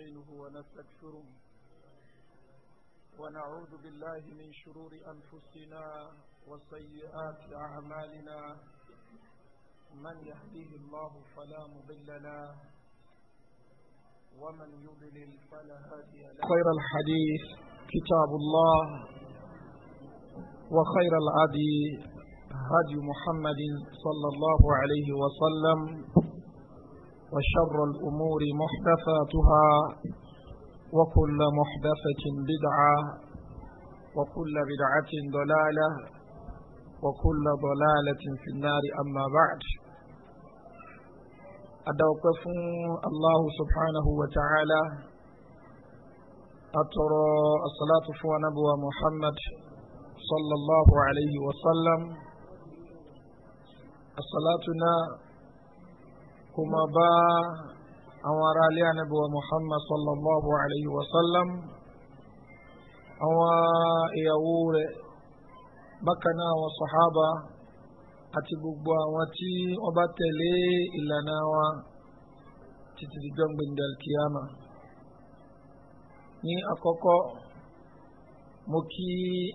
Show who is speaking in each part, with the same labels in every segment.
Speaker 1: نستعينه ونستغفره ونعوذ بالله من شرور أنفسنا وسيئات أعمالنا من يهديه الله فلا مضل له ومن يضلل فلا هادي له خير الحديث كتاب الله وخير الهدي هدي محمد صلى الله عليه وسلم وشر الأمور محدثاتها وكل محدثة بدعة وكل بدعة ضلالة وكل ضلالة في النار أما بعد أدوقف الله سبحانه وتعالى أترى الصلاة نبوة محمد صلى الله عليه وسلم الصلاة kó máa bá àwọn ará ilé ànábì wa muhammad sallallahu alayhi wa sallam àwọn ìyàwó rẹ̀ bákan náà àwọn sàhábà àti gbogbo àwọn tí wọ́n bá tẹ̀lé ìlànà wa títí di gbẹ̀ngbẹ̀ndẹ̀ alkiyama ní àkọ́kọ́ mo kí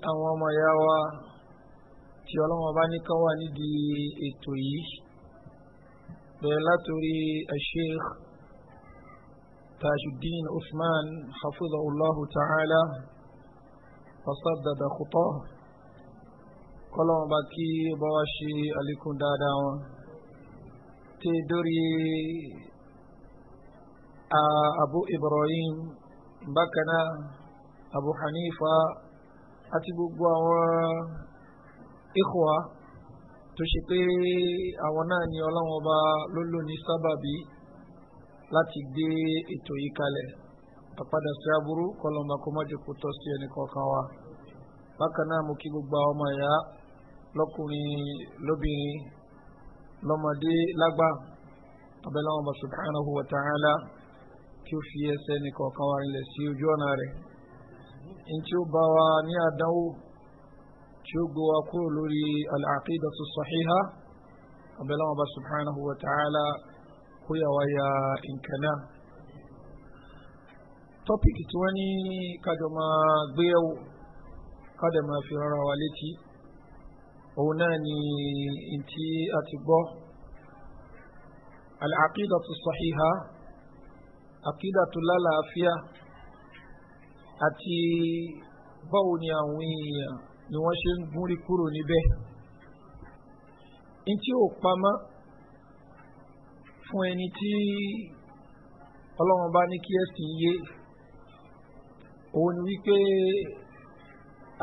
Speaker 1: àwọn ọmọ ìyá wa tí ọlọ́wọ́n bá ní kán wà nídìí ètò yìí bẹ̀rẹ̀ látòrí sheikh tajuddin usman hafizahullahu ta'ala fasadada kutọ́ kọ́lọ́mọba kí ọba wa ṣe àlékún dáadáa wọn ti dórí abu ibrahim bákan náà abu hanifa àti gbogbo àwọn ikhwa tó ṣe pé àwọn náà ni ọlọ́wọ́n ọba ló lò ní sábàbí láti gbé ètò yìí kalẹ̀ àpadà sí aburú kọlọ́mà kó má jòkó tọ́ sí ẹnì kọ̀ọ̀kan wa bákan náà mo kí gbogbo àwọn ọmọ ìyá lọ́kùnrin lóbìnrin lọ́mọdé lágbà abẹ́láwọn ọba subhanahu wa ta'ala tí ó fi ẹsẹ̀ ẹnì kọ̀ọ̀kan wa rinlẹ̀ sí ojú ọ̀nà rẹ̀ ní tí ó bá wa ní àdánwò tí ó gbowó kúrò lórí al-aqida as-sahiha abẹ́lẹ́ wọn bá subhanahu wa ta'ala kó yà wá ya nǹkan náà. tọ́pìkì tí wọ́n ní kájọ máa gbéyàwó kájọ máa fi rárá wa létí òun náà ni ntí a gbọ́ al-aqida as-sahiha àkídà lálàáfíà àti báwo ni àwọn èèyàn ni wọ́n ṣe ń gúnrí kúrò níbẹ̀ n tí ò pamọ́ fún ẹni tí ọlọ́run bá ní kí ẹ̀sìn yé òun ni wípé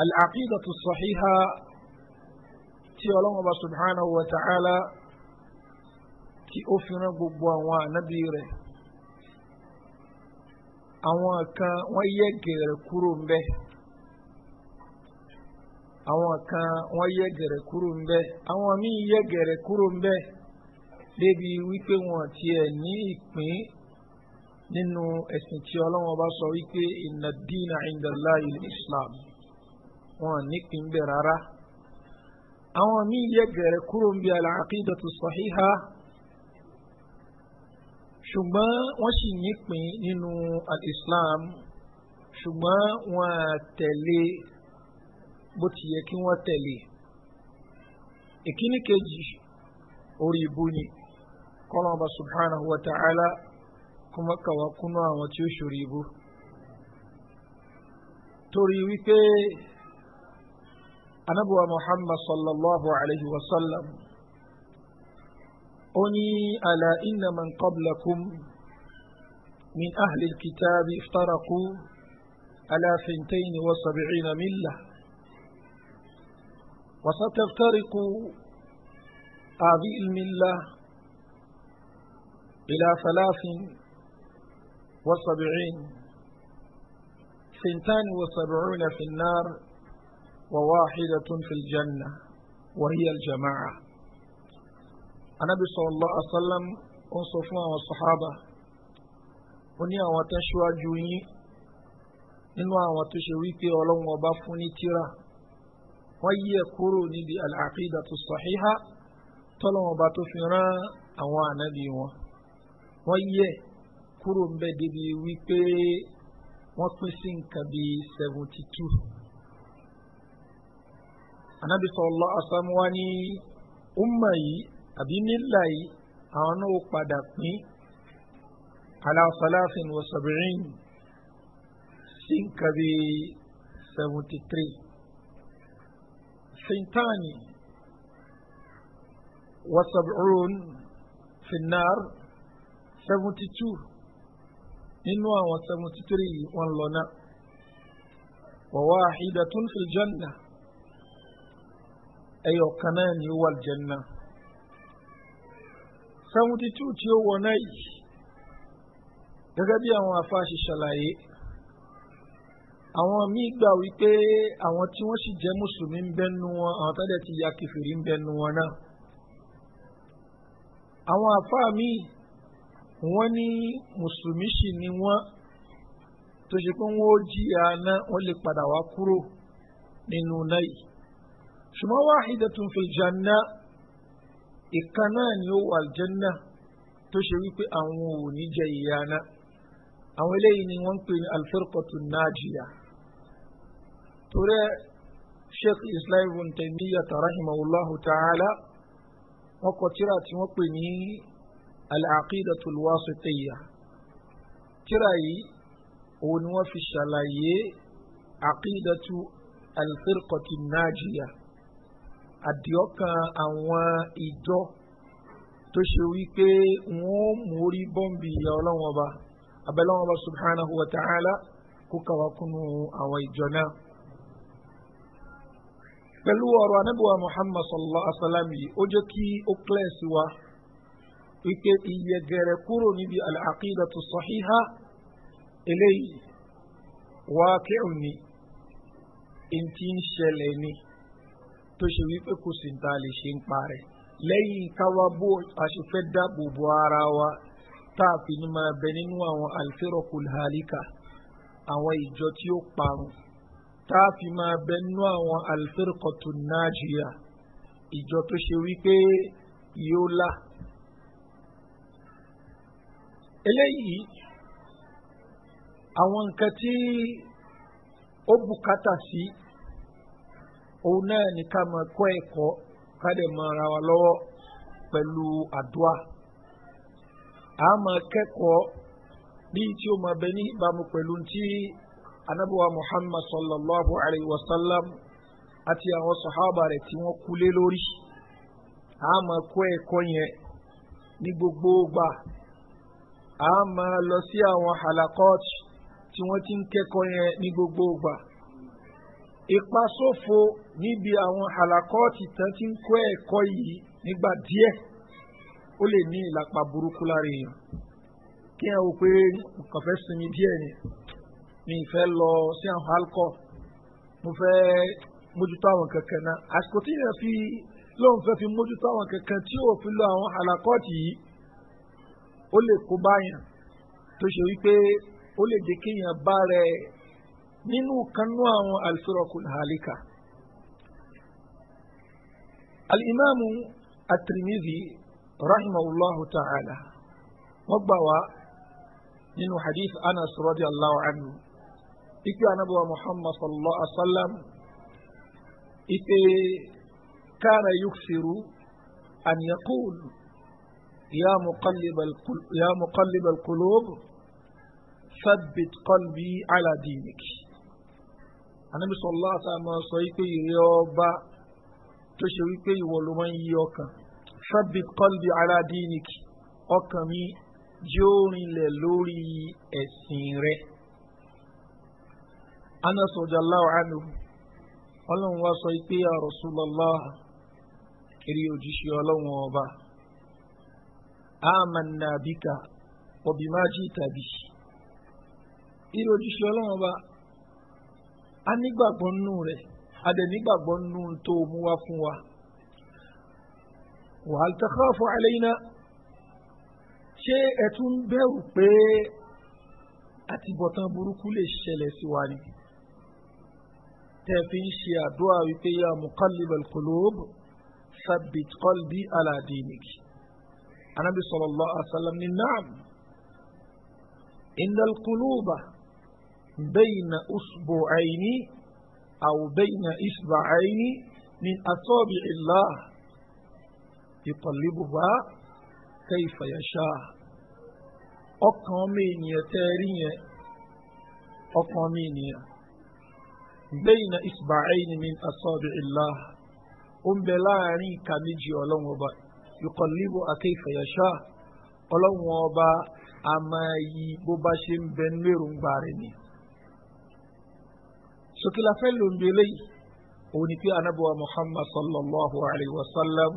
Speaker 1: al-aqida tu sọ̀híhá tí ọlọ́run bá subhanahu wa ta'ala tí ó fi gbogbo àwọn ànábì rẹ̀ àwọn kan wọ́n yẹ gẹ̀rẹ̀ kúrò ń bẹ́ẹ̀ àwọn kan wọ́n yẹ gẹ̀rẹ̀ kúrò ń bẹ́ àwọn míì yẹ gẹ̀rẹ̀ kúrò ń bẹ́ débi wípé wọn tiẹ̀ ní ìpín nínú ẹ̀sìn tí ọlọ́wọ́n bá sọ wípé inna dina inda Allahi islam wọn nípìn bẹ́ẹ̀ rárá àwọn míì yẹ gẹ̀rẹ̀ kúrò ń bẹ́ al-aqidatu sahiha ṣùgbọ́n wọ́n sì nípìn nínú al-islam ṣùgbọ́n wọn tẹ̀lé bó ti yẹ kí wọ́n tẹ̀lé ìkíní kejì orí ibu ni kọ́lọ́mọba subhanahu wa ta'ala kuma kàwá kúnú àwọn tí ó ṣòro ibu torí wípé anabuwa muhammad sallallahu alayhi wa sallam ó ala inna man qablakum min ahli alkitabi iftaraku ala fintain wa sab'ina millah. وستفترق هذه الملة إلى ثلاث وسبعين ثنتان وسبعون في النار وواحدة في الجنة وهي الجماعة النبي صلى الله عليه وسلم أنصفنا والصحابة أني أوتشوا جوني إنما أوتشوا ويكي ولو وبافوني تيره wọ́n yí ẹ kúrò níbi àlàkídà tó sọ̀híhá tọ́lọ́wọ́n bá tó fi rán àwọn ànábì wọn wọ́n yí ẹ kúrò ń bẹ débi wípé wọ́n pín sí nǹkan bíi seventy two ànábì sọlọ asamuwa ní umma yìí àbí nílà yìí àwọn náà padà pín ala salafin wa sí nǹkan bíi seventy three. سنتان وسبعون في النار 72 nínú àwọn seventy three wọn lọ náà wàwá àhídàtún fil janna ẹyọ kan náà ní wà janna seventy two tí ó wọ náà yìí gẹ́gẹ́ bí àwọn afáàṣì ṣàlàyé àwọn míì gbà wípé àwọn tí wọ́n sì jẹ́ mùsùlùmí ń bẹ́nu wọn àwọn tó dẹ̀ ti ya kẹfìrí ń bẹ́nu wọn náà. àwọn àfáà míì wọ́n ní mùsùlùmí sì ni wọ́n tó ṣe pé wọ́n ó jìyà náà wọ́n lè padà wá kúrò nínú náà yìí. ṣùgbọ́n wàhídà tún fi jàǹdà ìkan náà ni ó wà jẹ́nà tó ṣe wípé àwọn ò ní jẹ ìyá náà. àwọn eléyìí ni wọ́n ń pè ní alfẹ́rẹ́kọ̀tún náà jìyà torí ẹ sheikh islam ibn taymiyyah rahimahullahu ta'ala wọn kọ tíra tí wọn pè ní al-aqidatul wasitiyya tíra yìí òun ni wọn fi ṣàlàyé aqidatu al-firqati najiya àdìọ́kan àwọn ìjọ tó ṣe wípé wọ́n mórí bọ́m̀bì ìyá ọlọ́wọ́n ọba abẹ́lẹ́wọ́n wa ta'ala kó kàwá kúnnú àwọn ìjọ náà pẹ̀lú ọ̀rọ̀ anábìwá muhammad sallallahu alaihi wa sallam yìí ó jẹ́ kí ó kílẹ̀ sí wa wípé ìyẹ̀gẹ̀rẹ̀ kúrò níbi àlàkídà tó sọ̀híhá eléyìí wá kẹ́hùn ni èyí tí ń ṣẹlẹ̀ ni tó ṣe wípé kò sì ń ta lè ṣe ń parẹ́ lẹ́yìn káwa bó a dáàbò bo ara wa tá a fi ní máa bẹ nínú àwọn àlùfẹ́rọ̀kùn hàlíkà àwọn ìjọ tí ó parun tá a fi máa bẹnu àwọn alifirikọtù nàìjíríà ìjọ tó ṣe wípé yóò la eléyìí àwọn nǹkan tí ó bùkátà sí òun náà ní ká máa kọ́ ẹ̀kọ́ ká dẹ̀ máa ra wa lọ́wọ́ pẹ̀lú àdúrà a máa kẹ́kọ̀ọ́ bí tí ó máa bẹ ní ìbámu pẹ̀lú tí anabiwa muhammad sallallahu alayhi wa sallam àti àwọn sọ̀hábà rẹ̀ tí wọ́n kú lé lórí a máa kọ́ ẹ̀kọ́ yẹn ní gbogbo gbà a máa lọ sí àwọn halakot tí wọ́n ti ń kẹ́kọ̀ọ́ yẹn ní gbogbo gbà ipa níbi àwọn halakot tán ti ń kọ́ ẹ̀kọ́ yìí nígbà díẹ̀ ó lè ní ìlàpá burúkú lára èèyàn kí ẹ wò pé nǹkan fẹ́ sinmi díẹ̀ yẹn mi fẹ́ lọ sí àwọn alkọ mo fẹ́ mójútó àwọn kankan náà àsìkò tí yẹn fi lóun fẹ́ fi mójútó àwọn kankan tí yóò fi lọ àwọn alakọ́ọ̀tì yìí ó lè kó báyàn tó ṣe wípé ó lè jẹ́ kéèyàn bá rẹ̀ nínú kanú àwọn alifirọ́kùn halika. الإمام الترمذي رحمه الله تعالى وقبوا من حديث أنس رضي الله عنه ikú anabuwa muhammad sallallahu alaihi wa sallam ipe kana yuksiru an yaqul ya muqallib ya muqallib alqulub thabbit qalbi ala dinik anabi sallallahu alaihi wa sallam sọ ipe ìrẹ ọba tó ṣe wípé ìwọ ló máa ń yí ọkàn thabbit qalbi ala dinik ọkàn mi yóò rinlẹ̀ lórí ẹ̀sìn rẹ̀ anas radiyallahu anhu ọlọ́run wá sọ pé ya Rasulullah kiri òjíṣẹ́ ọlọ́run ọba amanna bika wa bima jita bi irú òjíṣẹ́ ọlọ́run ọba a nígbàgbọ́ nínú rẹ̀ a dẹ̀ nígbàgbọ́ nínú tó mú wá fún wa wa hal ṣé ẹ tún bẹ̀rù pé àtibọ̀tán burúkú lè ṣẹlẹ̀ sí wa ni. تفيش يا دعا يا مقلب القلوب ثبت قلبي على دينك النبي صلى الله عليه وسلم من نعم إن القلوب بين أسبوعين أو بين إسبوعين من أصابع الله يقلبها كيف يشاء أقامين يتارين أقامين يتارين bẹ́yìn isba'ayn min asabi illah ó ń bẹ láàrin ìka méjì ọlọ́run ọba yuqallibu kayfa yasha ọlọ́run a máa yí bó bá ṣe ń bẹ nírùngbà rẹ̀ ni. sókèlà òun ni pé muhammad sallallahu alayhi wa sallam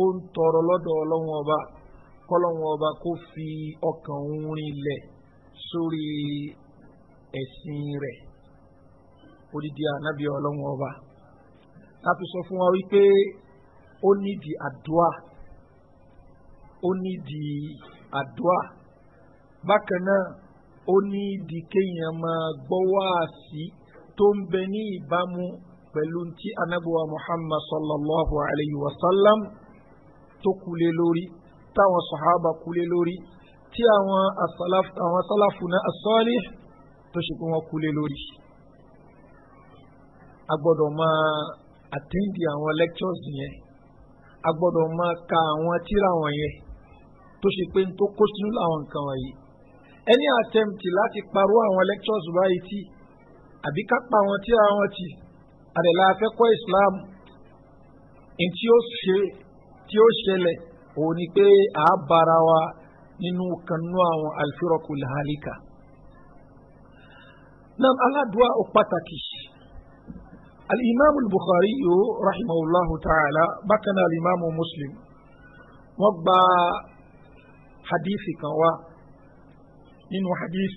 Speaker 1: ó ń tọrọ lọ́dọ̀ fi ọkàn odidi anabi ọlọ́wọ́n ọba láti sọ fún wa wípé ó nídìí àdúà ó nídìí àdúà bákan náà ó nídìí kéèyàn máa gbọ́wọ́ àsì tó ń bẹ ní ìbámu pẹ̀lú ti anabuwa muhammad sallallahu alayhi wa sallam tó kulé lórí táwọn sahaba kulé lórí tí àwọn asalafu náà asọ́lé tó ṣe pé wọ́n kulé lórí. a gbọ́dọ̀ máa àtẹ́ǹdì àwọn lectures yẹn agbọdọ gbọ́dọ̀ máa ka àwọn tíra wọ̀nyẹn tó ṣe pé tó kó sínú làwọn nǹkan wọ̀nyí ẹni àtẹ́ǹtì láti parọ́ àwọn lectures báyìí tí àbí ká pa àwọn tíra wọn tì afẹ́kọ́ islam ní tí ó ṣe tí ó ṣẹlẹ̀ òun ni pé a bára wa nínú kanú àwọn الإمام البخاري رحمه الله تعالى بكنا الإمام مسلم وبا حديث كوا إنه حديث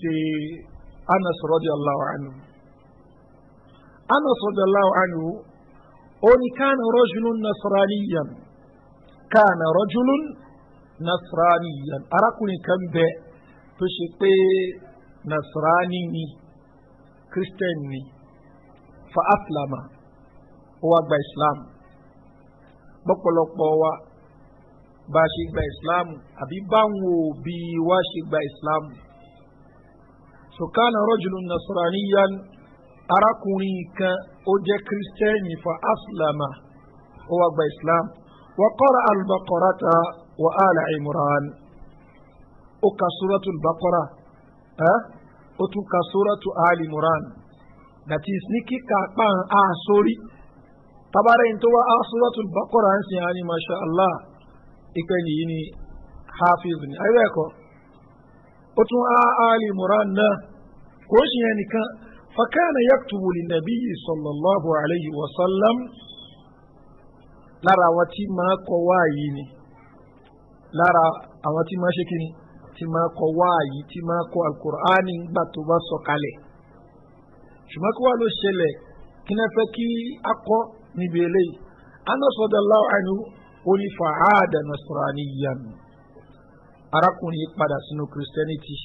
Speaker 1: أنس رضي الله عنه أنس رضي الله عنه أن كان رجل نصرانيا كان رجل نصرانيا أراكم كم ب تشتي نصراني كريستيني fa aslama ó wá gba islam bọ́pọ̀lọpọ̀ wa bá a ṣe gba islam àbí báwọn òbí wa ṣe gba islam sùkánà rọ́jùlù nasaraniyan arákùnrin kan ó jẹ́ kírísítẹ́nì fa aslama ó wá gba islam wà kọ́ra albakorata wà áàlà imran ó ka suratul bakora ó tún ka suratul alimran that is ní kíkà pàn á sórí tabara yìí tó wá á suratul baqara ń sìn á ní masha allah ìpè yìí ni hafiz ni ayé bẹ́ẹ̀ kọ́ ó tún á ali muran náà kò ń yẹn nìkan fakana yaktubu li nabiyyi sallallahu alayhi wa sallam lára àwọn tí máa kọ wáàyí ni lára àwọn tí máa ṣe kí ni tí máa kọ wáàyí tí máa kọ alukur'ani gbà tó bá sọ kalẹ̀ ṣùgbọ́n kí wàá ló ṣẹlẹ̀ kí náà fẹ́ kí a kọ́ níbi eléyìí anasọdọ̀lá àánú onífà áàdà nasraniyan arákùnrin padà sínú christianity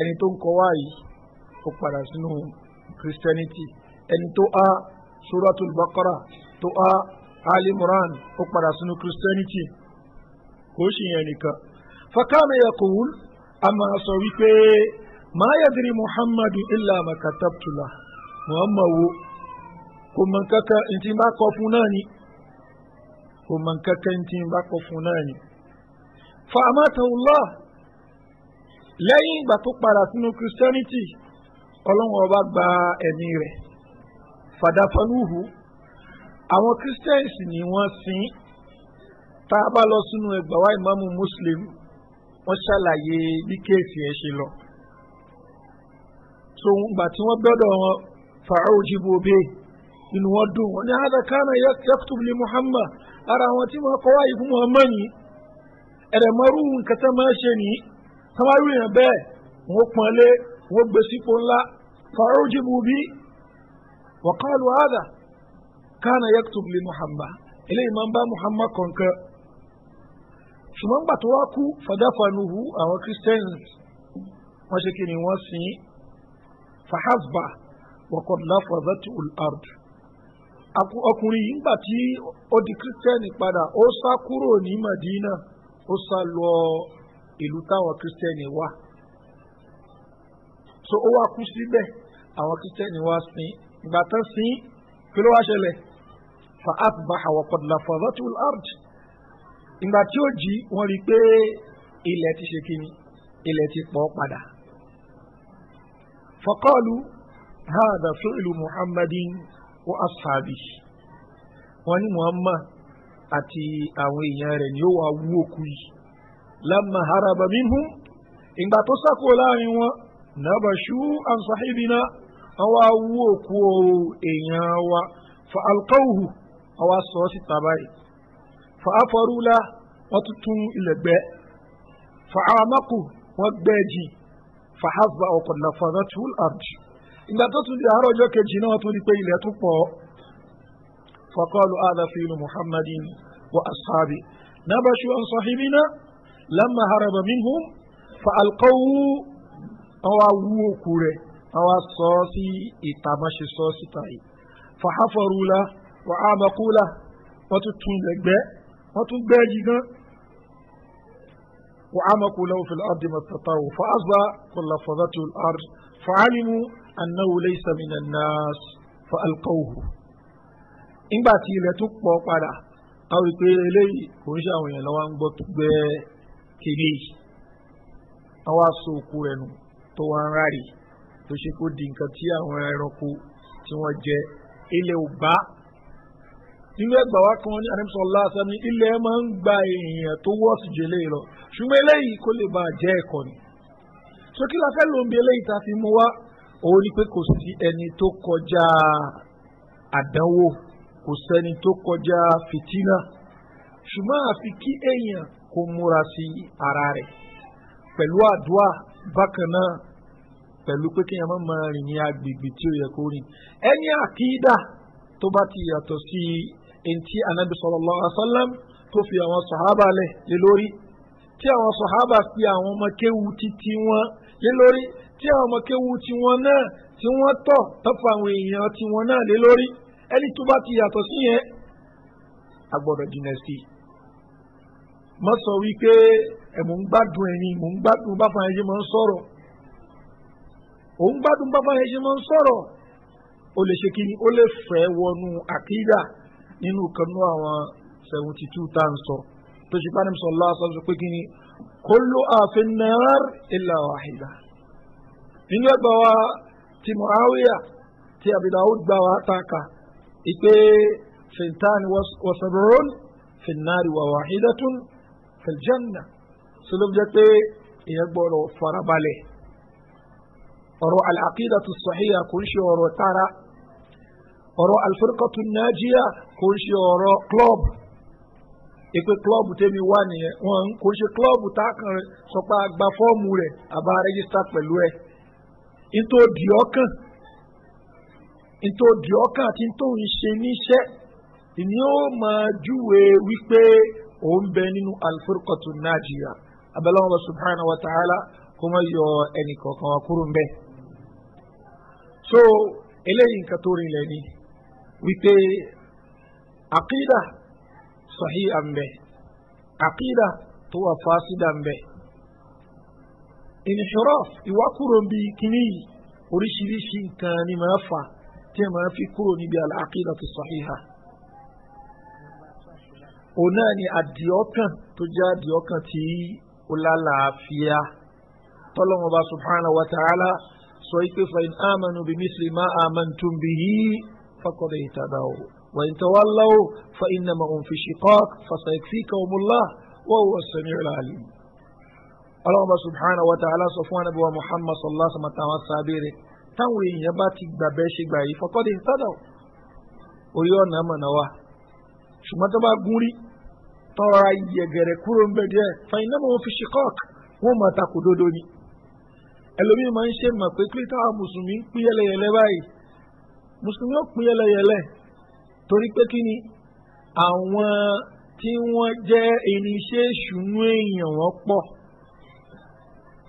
Speaker 1: ẹni tó ń kọ wáyé ó padà sínú christianity ẹni tó a suratu bakara tó a alimuran ó padà sínú christianity kò ṣìyẹn nìkan fakana yakowul a máa sọ wípé. ما يدري محمد إلا ما كتبت له محمد كما كك انت ما كفناني كما كك انت ما كفناني فأماته الله lẹ́yìn ìgbà tó padà sínú christianity ọlọ́run ọba gba ẹ̀mí rẹ̀ fàdáfanúhù àwọn christians ni wọ́n sin tá a bá lọ sínú ẹgbàá wa muslim wọ́n ṣàlàyé bí kéèsì ẹ̀ ṣe lọ so gbà tí wọ́n gbọ́dọ̀ wọn fàáwù jìbò bẹ́ẹ̀ inú wọn dùn wọn ní adakana yaktub li muhammad ara wọn tí wọn kọ́ wáyé fún muhammad yìí ẹ̀rẹ̀mọ́rú nǹkan tó máa ṣe nìyí tó máa rí yàn bẹ́ẹ̀ wọn pọ́nlé wọn gbé sípò ńlá fàáwù jìbò bẹ́ẹ̀ wọ́n kọ́ lu ada kana yaktub li muhammad eléyìí máa ń bá muhammad kọ̀ọ̀kan ṣùgbọ́n gbà wá kú fàdáfà nuhu àwọn christians wọ́n ṣe kí ni wọ́n sìn ín fàhásbà wọ̀kọ̀dù láfọ̀ọ́dọ́tì ọ̀làrùd. ọkùnrin yìí ńgbà tí ó di kírísítẹ́nì padà ó sá kúrò ní madina ó sá lọ ìlú táwọn kírísítẹ́nì wà. so ó wá kú síbẹ̀ àwọn kírísítẹ́nì wá sin ìgbà tán sin kí ló wá ṣẹlẹ̀ fàhásbà wọ̀kọ̀dù láfọ̀ọ́dọ́tì ọ̀làrùd. ìgbà tí ó jí wọ́n rí i pé ilẹ̀ ti ṣe kíni ilẹ̀ ti pọ̀ padà. ha muhammadin fakol hadasuumhamdsai yi ati awyarewu lamaarihu iga tụsaula yị wa asu saia wakuyw ala hu wasa osita faọrula ọtụtụ lee faanapu aeji fàhásùbà ọkọ̀ nàfàdà tún àrùd ìgbà tó tún di àárọ̀ ọjọ́ kejì náà tún rí pé ilẹ̀ tún pọ̀ fọkọ́lù àdàfínú muhammadin wa asaabi nabashu an sahibina lamma haraba minhum fa alqawu awa wu òkú awa sọ sí ìta má fa hafarula wa amakula wọ́n tún tún lẹ̀ gbẹ́ wọ́n tún وعمقوا له في الأرض ما استطاعوا فأصبح فلفظته الأرض فعلموا أنه ليس من الناس فألقوه إن باتي لتقبوا قالا أو يقول إلي كونشا وين لو أن بطبع كيلي أو أسوكو رنو توان راري tó ṣe kó di nǹkan tí nínú ẹgbà wa kan ní anamisọlá sani ilẹ̀ máa ń gba èèyàn tó wọ́ọ̀sì jẹlé lọ ṣùgbọ́n eléyìí kó lè bá jẹ́ ẹ̀kọ́ ni sókè la fẹ́ lòun bí eléyìí ta fi mú wa òun ni pé kò sí ẹni tó kọjá àdánwò kò sẹ́ni tó kọjá fìtínà ṣùgbọ́n àfi kí èèyàn kó múra sí ara rẹ̀ pẹ̀lú àdúrà bákan náà pẹ̀lú pé kéèyàn má máa rìn ní agbègbè tí ó yẹ kó rìn ẹni àkídà tó bá ti yàtọ̀ sí ntí anabi sallallahu alaihi wasallam tó fi àwọn sọ̀hábà lẹ̀ lé lórí tí àwọn sọ̀hábà fi àwọn ọmọ kéwu títí wọn lé lórí tí àwọn ọmọ kéwu tiwọn náà tí wọ́n tọ̀ tọ́fà àwọn èèyàn tiwọn náà lé lórí ẹni tó bá ti yàtọ̀ sí yẹn a gbọ́dọ̀ jìnà sí i. mo sọ wípé ẹ mò ń gbádùn ẹyin mò ń gbádùn báfa ẹyin mò ń sọ̀rọ̀ òun gbádùn báfa ẹyin mò ń o lè ṣe kí o lè fẹ́ wọnú àkídà nínú kanú àwọn seventy two tá à ń sọ tó ṣe bá ní sọ lọ́wọ́ sọ pé kí ni kólú àfin náírà ilà wàhídà nínú ẹgbàá wa ti muawiya ti abidawo gbà wá tààkà ìpè fintani wasabrun finnaari wa wahidatun filjanna sọlọ́m jẹ́ pé ìyẹn gbọ́dọ̀ farabalẹ̀ ọ̀rọ̀ alaqidatu sahiya kò ń ṣe ọ̀rọ̀ tara ọ̀rọ̀ alifurukọ́tù nàìjíríà kò ń ṣe ọ̀rọ̀ club ìpè club tẹ́mi wá nìyẹn wọn kò ń ṣe club táàkàn sọ pé àgbà fọ́ọ̀mù rẹ̀ àbá rẹ́gísítà pẹ̀lú ẹ̀ nítorí òdì ọkàn nítorí òdì ọkàn àti nítorí òun ṣe níṣẹ́ ìní ó máa júwe wípé òun bẹ nínú alifurukọ́tù nàìjíríà abẹ́lẹ́wọ̀n bá subhanahu wa ta'ala kó má yọ ẹnì kọ̀ọ̀kan wa kúrò ń bẹ́ẹ̀ so eléyìí nǹkan tó rinlẹ̀ ni wípé àkídà sahiha ń bẹ àkídà tó wà fásidà ń bẹ inhiraf ìwákúrò ń bi kíní yìí oríṣiríṣi nǹkan ni màá fà tí màá fi kúrò níbi àkídà tó sahiha òun náà ni àdìọ́kàn tó jẹ́ àdìọ́kàn tí ó lálàáfíà tọ́lọ́mọba subhanahu wa ta'ala sọ ìpè in amanu bi misli ma amantum bihi. فقد اهتدوا وإن تولوا فإنما هم في شقاق فسيكفيكهم الله وهو السميع العليم الله سبحانه وتعالى صفوان أبو محمد صلى الله عليه وسلم تعالى táwọn èèyàn bá ti gbà bẹ́ẹ̀ ṣe gbà yìí fọkọ́dé sádà orí ọ̀nà àmọ̀nà wa ṣùgbọ́n tó bá gún rí tọ́ra yẹ̀gẹ̀rẹ̀ kúrò ń bẹ̀ díẹ̀ fàyínà mọ̀ fi ṣe kọ́ọ̀k wọ́n máa takò dodo ni ẹlòmíín máa ń ṣe mọ̀ pé pé táwọn mùsùlùmí ń pín yẹlẹyẹlẹ báyìí mùsùlùmí ó pín yẹlẹyẹlẹ torí pé kí ni àwọn tí wọ́n jẹ́ irinṣẹ́ èṣù nú èèyàn wọ́n pọ̀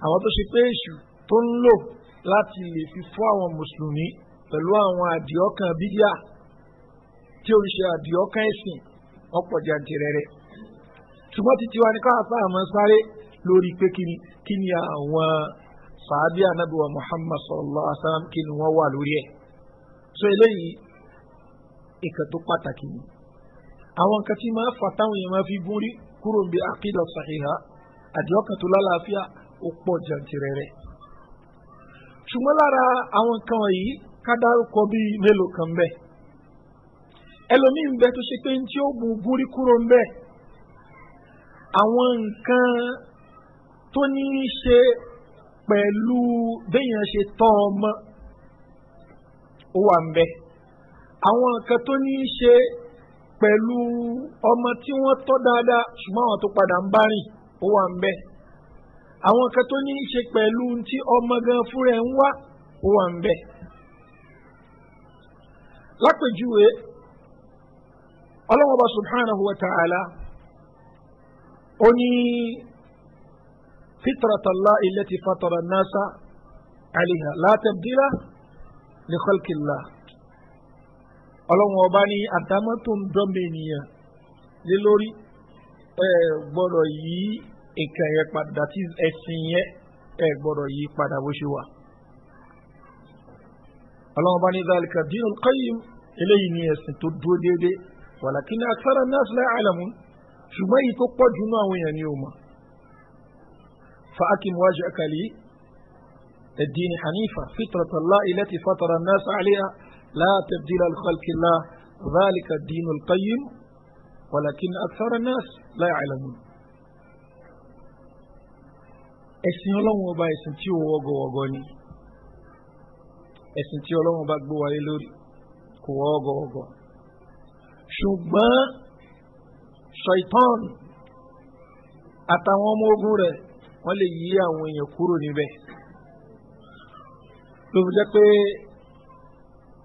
Speaker 1: àwọn tó ṣe pé èṣù tó ń lò láti lè fi fọ́ àwọn mùsùlùmí pẹ̀lú àwọn àdìọ́kàn bídíà tí oríṣi àdìọ́kàn ẹ̀sìn wọ́n pọ̀ jàǹtìrẹrẹ ṣùgbọ́n títí wa ní káàfà àmọ́ sáré lórí pé kí ni kí ni àwọn sàábíà nàbẹ̀wà muhammad sallallahu alaihi wa sallam kí ni wọ́n wà lórí ẹ̀ so eléyìí nǹkan tó pàtàkì ni àwọn nǹkan tí máa fà táwọn èèyàn máa fi borí kúrò níbi àkídà sàhíhà àdìọ́kàn tó lálàáfíà ó pọ̀ jàǹtìrẹrẹ ṣùgbọ́n lára àwọn nǹkan wọ̀nyí ká dárúkọ bíi mélòó kan bẹ́ẹ̀ ẹlòmíì ń bẹ tó ṣe pé tí ó mú borí kúrò ń bẹ́ẹ̀ àwọn nǹkan tó ní í ṣe pẹ̀lú béèyàn ṣe tọ́ ọmọ ó wà ń bẹ àwọn nǹkan tó ní í ṣe pẹ̀lú ọmọ tí wọ́n tọ́ dáadáa ṣùgbọ́n àwọn tó padà ń bá rìn ó wà ń bẹ àwọn nǹkan tó ní í ṣe pẹ̀lú tí ọmọ gan fúnra ẹ̀ ń wá ó wà ń bẹ lápèjúwe ọlọ́wọ́n bá subhanahu wa ta'ala ó ní fitratallahi allati fatara nasa 'alayha la tabdila lè kọ́lkìlá ọlọ́run ọba ní àdámọ́ tó ń dọ́mọ ènìyàn lé lórí ẹ gbọ́dọ̀ yí nǹkan yẹn padà tí ẹ̀sìn yẹn ẹ gbọ́dọ̀ yí padà bó ṣe wà. ọlọ́run ọba ní zalika dín kọ́yìm eléyìí ní ẹ̀sìn tó dúró déédéé wàlàkí ní akitara náà sílẹ̀ àlàmú ṣùgbọ́n èyí tó pọ̀ jù náà àwọn èèyàn fa akim wájú الدين حنيفة فطرة الله التي فطر الناس عليها لا تبديل الخلق الله ذلك الدين القيم ولكن أ ك ث ر الناس لا يعلمون ṣùgbọ́n ṣàìtàn àtàwọn ọmọ ogun rẹ̀ wọ́n lè yí àwọn èèyàn kúrò níbẹ̀. ló fi jẹ́ pé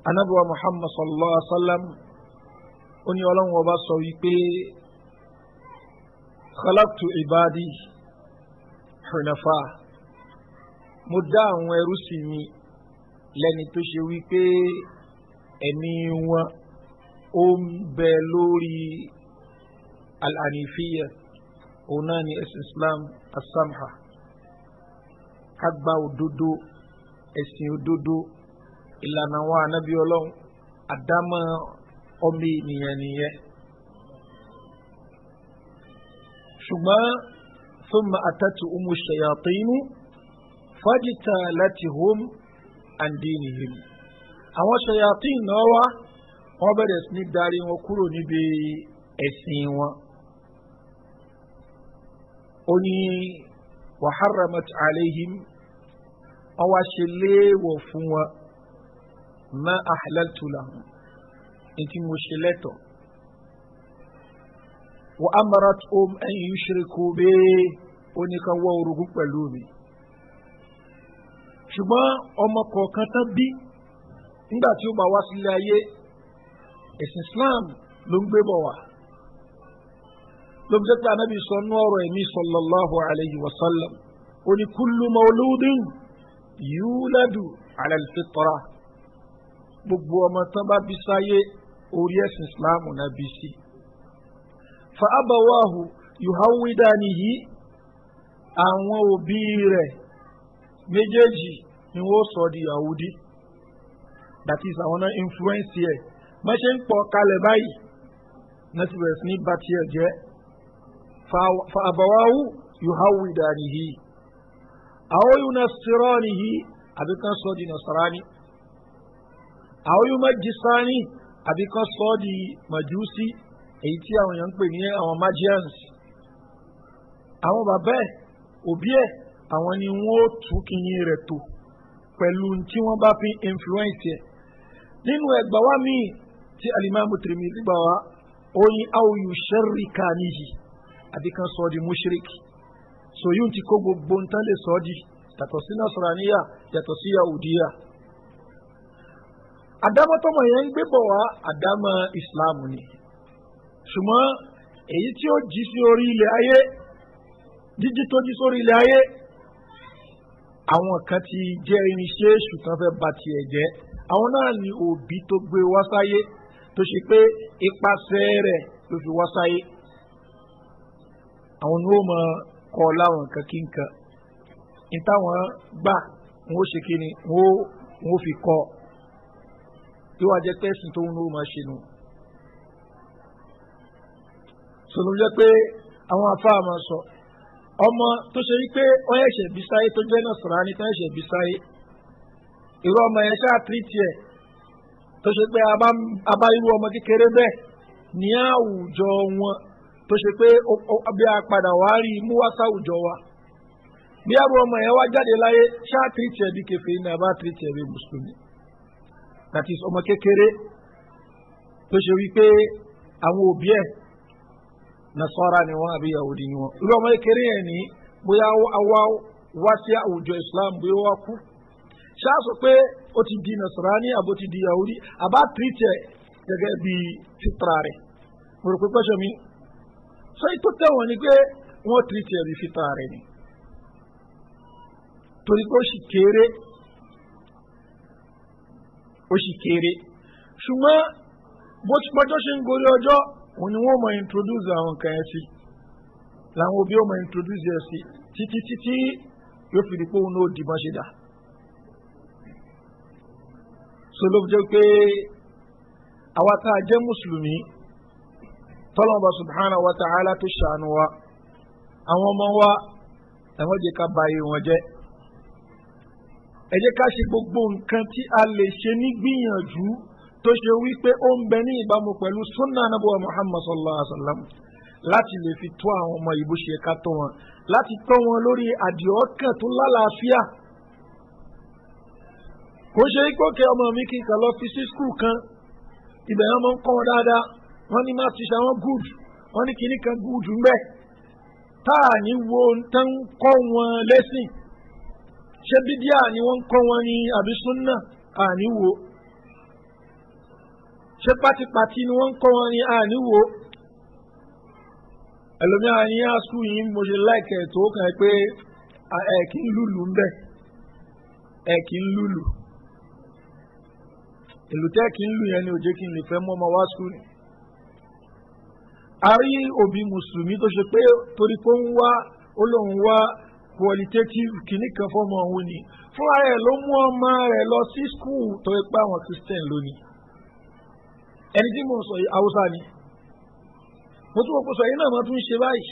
Speaker 1: anabiwa muhammad sallallahu alaihi wa sallam ó ní ọlọ́run ọba sọ wípé khalaqtu ibadi hunafa mo dá àwọn ẹrú sí mi lẹ́ni tó ṣe wípé ẹ̀mí wọn ó ń bẹ lórí alanifiya òun náà ni ẹ̀sìn islam asamha ká gba òdodo ẹ̀sìn òdodo ìlànà àwọn ànábì ọlọ́run àdámọ́ ọmọ ènìyàn nìyẹn. ṣùgbọ́n thumma àtàtù umu ṣayàtìnú fàjìtà láti hom àndínìhìm. àwọn ṣayàtìn náà wá wọ́n bẹ̀rẹ̀ sí ní darí wọn kúrò níbi ẹ̀sìn wọn. ó ní wàhálà mọ́tò àlẹ́yìn ọwọ́ ṣe léèwọ̀ fún wọn mọ àhàlẹ́tùlà ètí mo ṣe lẹ́tọ̀ wọ́n amara tó ẹ̀yìn ṣe kó bẹ́ẹ̀ oníkanwọ́ orogún pẹ̀lú mi ṣùgbọ́n ọmọ kọ̀ọ̀kan tán bí nígbà tí ó bá wá sílé ayé ẹ̀sìn islam ló ń gbé bọ̀ wá ló ń anábì sọ nú ọ̀rọ̀ ẹ̀mí sọlọ́láhu alayhi wa sallam oníkúlùmọ̀ olóòdùn yúlẹ́dù alẹ́lẹ́fẹ́tọ́ra gbogbo ọmọ tán bá bí sáyé orí ẹ̀sìn islamu náà bí sí. fa abawahu yuhawidanihi àwọn òbí rẹ̀ méjèèjì ni wọ́n sọ di yahudi that is àwọn náà influence ẹ̀ mọ́ṣẹ́ ń pọ̀ kalẹ̀ báyìí náà ní bá tiẹ̀ jẹ́ fa abawahu yuhawidanihi àwọn yóò nasirọ́ nìyí àbí kan sọ di nasarani àwọn yóò majisani àbí kan sọ di majusi èyí tí àwọn èèyàn ń pè ní àwọn magians àwọn bàbá ẹ òbí ẹ àwọn ni wọn ó tún kìnyín rẹ tó pẹ̀lú tí wọ́n bá fi influence ẹ̀ nínú ẹgbà wa míì tí alimami tirimi gbà wá oyin aoyu sẹ́ríkà nìyí àbí sọ di mushriki so yóò ti kó gbogbo nǹkan lè sọ ọ́ di yàtọ̀ sí nasaraniya yàtọ̀ sí yahudiya. àdámọ́tọ́mọ̀ yẹn ń gbé wá àdámọ́ islam ni ṣùgbọ́n èyí tí ó jí sí orí ilẹ̀ ayé jíjí tó jí sórí ilẹ̀ ayé àwọn kan ti jẹ́ irinṣẹ́ èṣù fẹ́ ba tiẹ̀ jẹ́ àwọn náà ni òbí tó gbé wá sáyé tó ṣe pé ipasẹ̀ rẹ̀ ló fi wá sáyé àwọn ni ó mọ kọ́ láwọn nǹkan kí nǹkan ní táwọn gbà wọn ó ṣe kí ni wọn ó fi kọ́ yóò wá jẹ́ pẹ́sìn tó ń lò máa ṣe nù. sọ̀rọ̀ jẹ́ pé àwọn afáà máa sọ ọmọ tó ṣe wípé wọ́n ẹ̀ṣẹ̀ bí sáyé tó jẹ́ náà sọ̀rọ̀ ní ẹ̀ṣẹ̀ bí sáyé irú ọmọ yẹn ṣáà tírìtì ẹ̀ tó ṣe pé abá irú ọmọ kékeré bẹ́ẹ̀ ní àwùjọ wọn tó ṣe pé bí a padà wá rí i mú wá sáwùjọ wa bí àrò ọmọ yẹn wá jáde láyé ṣáà tìrìtì ẹbí kẹfẹ ní àbá tìrìtì ẹbí mùsùlùmí that is ọmọ kékeré tó ṣe wípé àwọn òbí ẹ nasara ni wọn àbí yahudi ni wọn irú ọmọ kékeré yẹn ni bóyá awa wá sí àwùjọ islam bóyá wá kú ṣáà sọ pé ó ti di nasara ní àbó ti di yahudi àbá tìrìtì gẹgẹ bíi fitra rẹ mo rò pé pẹ́sọ̀ mi sọ ètò tẹ̀wọ̀n ni pé wọ́n tiri tiẹ̀ bí fi tán ni torí pé ó sì kéré ó sì kéré ṣùgbọ́n bó ti pọ́jọ́ ṣe ń gorí ọjọ́ òun ni wọ́n mọ introduce àwọn nǹkan ẹ̀ sí làwọn òbí ó mọ introduce ẹ̀ sí títí títí yóò fi di pé òun náà dìbọn ṣe dà so ló fi jẹ́ pé àwa tá a jẹ́ mùsùlùmí tọ́lọ́mọba subhanahu wa ta'ala tó ṣàánú wa àwọn ọmọ wa ẹ̀wọ́n jẹ́ ká ba iye wọn jẹ́ ẹ jẹ́ ká ṣe gbogbo nǹkan tí a lè ṣe nígbìyànjú tó ṣe wípé ó ń bẹ ní ìbámu pẹ̀lú sunna anabuwa muhammad sallallahu alaihi wa sallam láti lè fi tó àwọn ọmọ ìbú ṣe ká tó wọn láti tọ́ wọn lórí àdìọ́kàn tó lálàáfíà kò ṣe ikókè ọmọ mi kí lọ fi sí skul kan ibẹ̀ yẹn ń kọ́ wọn dáadáa wọ́n ní máa ti ṣe àwọn gúdù wọ́n ní kinní kan gúdù ń bẹ́ táà ní wo tó ń kọ́ wọn lẹ́sìn ṣé bídíà ni wọ́n ń kọ́ wọn ní àbí súnà ṣé pátipàti ni wọ́n ń kọ́ wọn ní àní wo ẹlòmíà ní àṣù yìí mo ṣe láìkẹ̀ tó kàn pé ẹ̀ kì lùlù ń bẹ̀ ẹ̀ kì lùlù èlùtẹ́ kì lù yẹn ni òjé kí n lè fẹ́ mọ́ ọmọ wá sùkúrù a rí òbí mùsùlùmí tó ṣe pé torí pé ó ń wá ó lóun wá qualitative kìíní kan fọmọ òun ni fúnra rẹ ló mú ọmọ rẹ lọ sí skul tó ń pa àwọn christian lónìí ẹni tí mo sọ yìí haúsá ni mo tún kó sọ yìí náà mo tún ṣe báyìí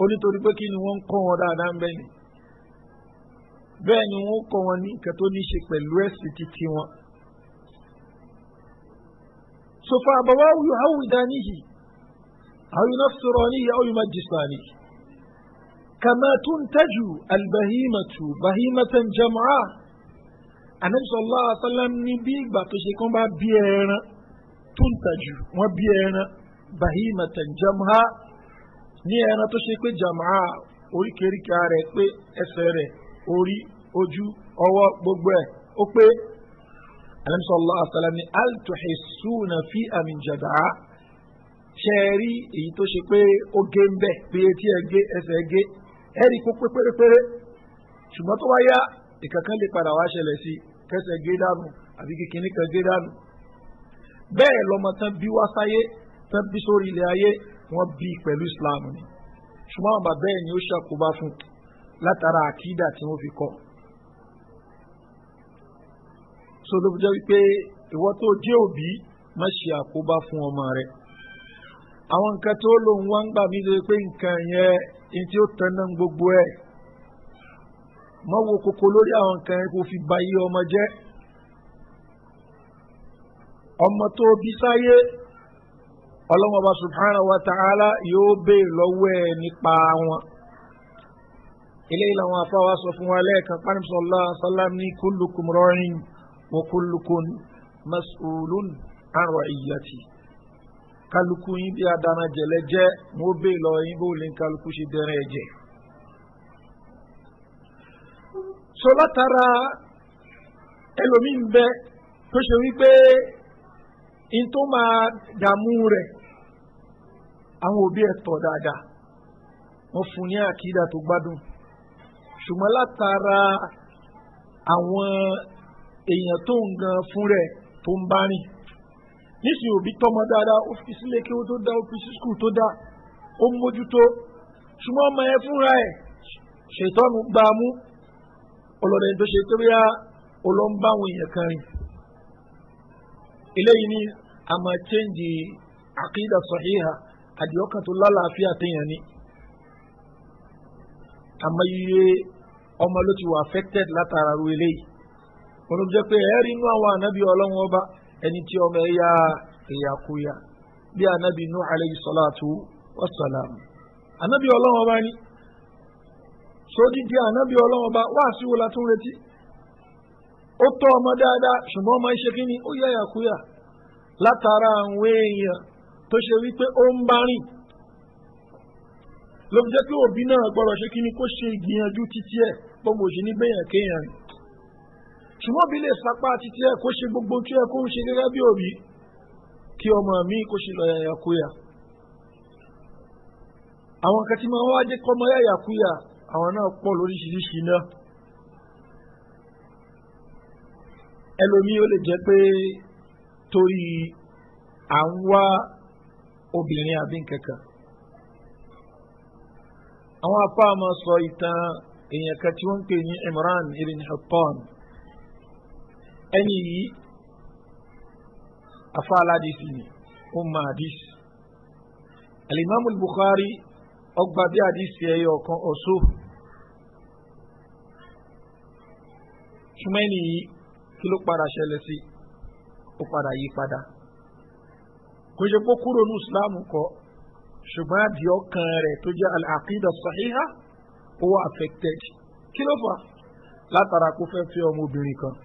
Speaker 1: ó nítorí pé kí ni wọ́n ń kọ́ wọn dáadáa ń bẹ́ẹ̀ ni bẹ́ẹ̀ ni wọ́n kọ́ wọn ní nǹkan tó ní í ṣe pẹ̀lú ẹ̀sìn títí wọn so فأبواه يعودانه أو ينصرانه أو يمجسانه كما تنتج البهيمة بهيمة جمعاء النبي صلى الله عليه وسلم نبي باتوشيكم بابيرنا تنتج وبيرنا بهيمة جمعاء ní ẹran tó ṣe pé jàmáà oríkèéríkèé rẹ̀ pé ẹsẹ̀ rẹ̀ orí gbogbo ẹ̀ ó pé alẹ́mi sọ̀rọ̀ àṣàlá ni altuhisuna fi amin jadaa ṣe é rí èyí tó ṣe pé ó gé ń bẹ̀ pé etí ẹ gé ẹsẹ̀ gé ẹ rí kó pé pérépéré ṣùgbọ́n tó bá yá ìkankan lè padà wá ṣẹlẹ̀ sí kẹsẹ̀ gé dànù àbí kíkiní kan gé dànù bẹ́ẹ̀ lọ́mọ tán bí wá sáyé tán bí sórí ilẹ̀ ayé wọ́n bí pẹ̀lú islam ni ṣùgbọ́n àwọn bàbá ni ó ṣàkóbá fún látara àkídà tí wọ́n fi kọ́ so ló fi jẹ́ wípé ìwọ tó jẹ́ òbí má ṣe àkóbá fún ọmọ rẹ àwọn nǹkan tó lòun wá ń gbà mí lè pé nǹkan yẹn ní tí ó tanná gbogbo ẹ̀ mọ́ wo koko lórí àwọn nǹkan yẹn kò fi ba iye ọmọ jẹ́ ọmọ tó bí sáyé ọlọ́mọba subhanahu wa ta'ala yóò béè lọ́wọ́ ẹ̀ nípa wọn eléyìí làwọn afáwa sọ fún wa lẹ́ẹ̀kan pánimsọ̀lá sálámù ní kúlùkùmrọ́rin. وكلكم مسؤول عن رعيته kálukú yín bí adana jẹlẹ jẹ mo bè lọ yín bó lè kálukú ṣe dẹrẹ jẹ. so látara ẹlòmíín bẹ tó ṣe wípé n tó máa dààmú rẹ àwọn òbí ẹ tọ dáadáa wọn fún ní àkídà tó gbádùn ṣùgbọ́n látara àwọn èèyàn tó ń gan fún rẹ̀ tó ń bá rìn nísìnyí òbí tọmọ dáadáa ó fi sílé kí ó tó dá ó fi sí skul tó dá ó ń mójútó ṣùgbọ́n ọmọ ẹ fúnra ẹ̀ ṣètọ́nu gbá a mú ọlọ́dẹ tó ṣe tó bíyá olóńgbà àwọn èèyàn kan rìn eléyìí ni a máa chẹ́ǹjì àkídà sọ̀híhà àdìọ́kàn tó lálàáfíà téèyàn ni àmọ́ iye ọmọ ló ti wà affected látara ru eléyìí olùkọ́ jẹ́ pé ẹ̀rí inú àwọn ànábì ọlọ́run ọba ẹni tí ọmọ ẹ̀yà ìyàkúyà bí ànábì inú àlẹ́yìí sọ́láàtú wọ́sàlámù ànábì ọlọ́run ọba ni sódìdí ànábì ọlọ́run ọba wá sí wo la tún retí ó tọ́ ọmọ dáadáa ṣùgbọ́n ọmọ iṣẹ́ kínní ó yẹ ìyàkúyà látara àwọn èèyàn tó ṣe wípé ó ń bá rìn ló fi jẹ́ pé òbí náà gbọ́dọ̀ ṣe kínní kó ṣe ìgbìyànjú títí ẹ̀ gbọ́dọ̀ ṣùgbọ́n bí lè sapá títí ẹ kó ṣe gbogbo tí ẹ kó ń ṣe gẹ́gẹ́ bí òbí kí ọmọ mi kó ṣe lọ yàyàkúyà àwọn kan tí máa wá dé kọ́mọ yàyàkúyà àwọn náà pọ̀ lóríṣiríṣi náà ẹlòmíì ó lè jẹ́ pé torí à ń wá obìnrin àbí nkankan àwọn apá máa sọ ìtàn èèyàn kan tí wọ́n ń pè ní imran ibn hattan ẹni yìí afa aládìsí ni ó ma àdìsí alimami bukhari ọgbà bí àdìsí ẹyọ ọ̀kan ọ̀ṣọ́ ṣùgbọ́n ẹni yìí kí ló padà ṣẹlẹ̀ sí ó padà yí padà kò ṣe pé kúrò ní islam kọ ṣùgbọ́n àdìọ́ kan rẹ̀ tó jẹ́ al-aqida ó wà affected kí ló fà látara kó fẹ́ fi ọmọbìnrin kan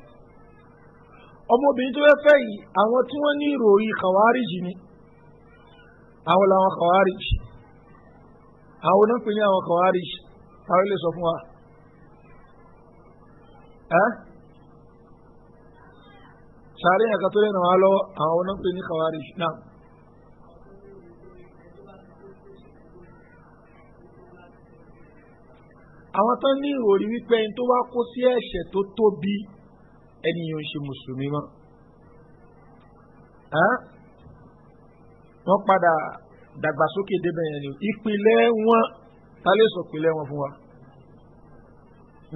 Speaker 1: ọmọbìnrin tó fẹ́ fẹ́ yìí àwọn tí wọ́n ní ìròyìn kàwáríjì ni àwọn làwọn kàwáríjì àwọn onípe ní àwọn kàwáríjì táwọn ilé sọ fún wa ẹ sàárè yẹn kan tó lè ràn wá lọ́wọ́ àwọn onípe ní kàwáríjì náà. àwọn tán ní ìròyìn wípé ẹni tó wá kó sí ẹ̀ṣẹ̀ tó tóbi ẹni yóò ṣe mùsùlùmí mọ́ wọ́n padà dàgbàsókè débẹ̀ yẹn ni ìpìlẹ̀ wọn ta lè sọ ìpìlẹ̀ wọn fún wa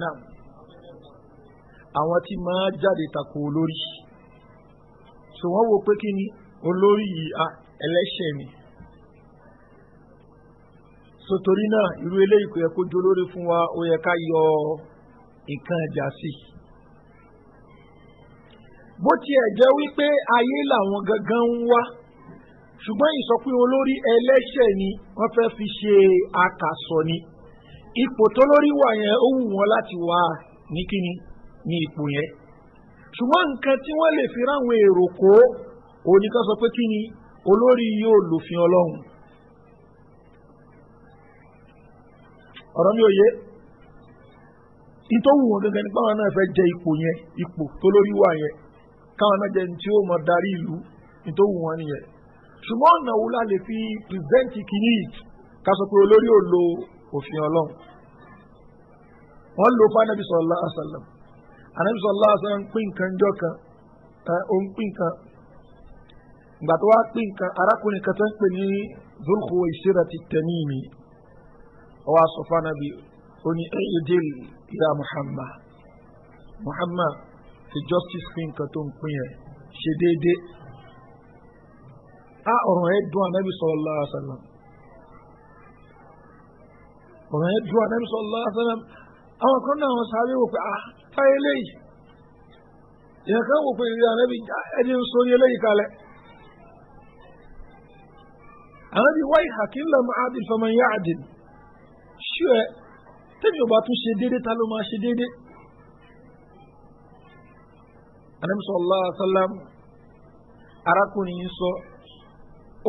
Speaker 1: náà àwọn tí máa jáde tako olórí so wọ́n wo pé kí ni olórí yìí ẹlẹ́ṣẹ̀ ni so náà irú eléyìí kò yẹ kó jolórí fún wa ó yẹ ká yọ nǹkan ẹ̀jà sí i bó tiẹ̀ jẹ́ wípé ayé làwọn gangan ń wá ṣùgbọ́n ìsọpé olórí ẹlẹ́ṣẹ̀ ni wọ́n fẹ́ fi ṣe àkàsọ ni ipò tó lórí wà yẹn ó wù wọ́n láti wà ní kíni ní ipò yẹn ṣùgbọ́n nǹkan tí wọ́n lè fi ráwọn èrò kó òní kan sọ pé kíni olórí yóò lòfin ọlọ́run ọ̀rọ̀ mi ò yé ìtọ́wù wọn gangan nípa wọn náà fẹ́ jẹ ipò yẹn ipò tó lórí wà yẹn káwọn náà jẹ́ ní tí ó mọ darí ìlú nítorí wọn nìyẹn ṣùgbọ́n ọ̀nà wo la lè fi pìrìsẹ́ǹtì kìíní yìí ká sọ pé olórí ò lo òfin ọlọ́run wọ́n lo fanabi sọ̀lá àṣàlám anabi sọ̀lá àṣàlám ń pín nǹkan jọ kan ó ń pín nǹkan ìgbà tó wá pín nǹkan arákùnrin kan tó ń pè ní zulkhu ìṣẹ́ra ti tẹ̀mí mi wọ́n wá sọ fanabi ó ní ẹ̀yẹ́dẹ́lì ìyá muhammad muhammad ṣe justice fún nǹkan tó ń pín yẹn ṣe déédéé a ọ̀ràn yẹn dùn ànábì sallallahu alaihi wasallam ọ̀ràn yẹn dùn ànábì sallallahu alaihi wasallam àwọn kan náà wọn sáré wò pé ah, a táyé léyìí ìyẹn kan wò pé ìrìn ànábì ẹni ń sori eléyìí kalẹ̀ ànábì wáyé hakim lam adil faman ya'dil ṣú ẹ tẹ́mi ò tún ṣe déédéé ta ló máa ṣe déédéé anamsa allah salam arákùnrin yìí sọ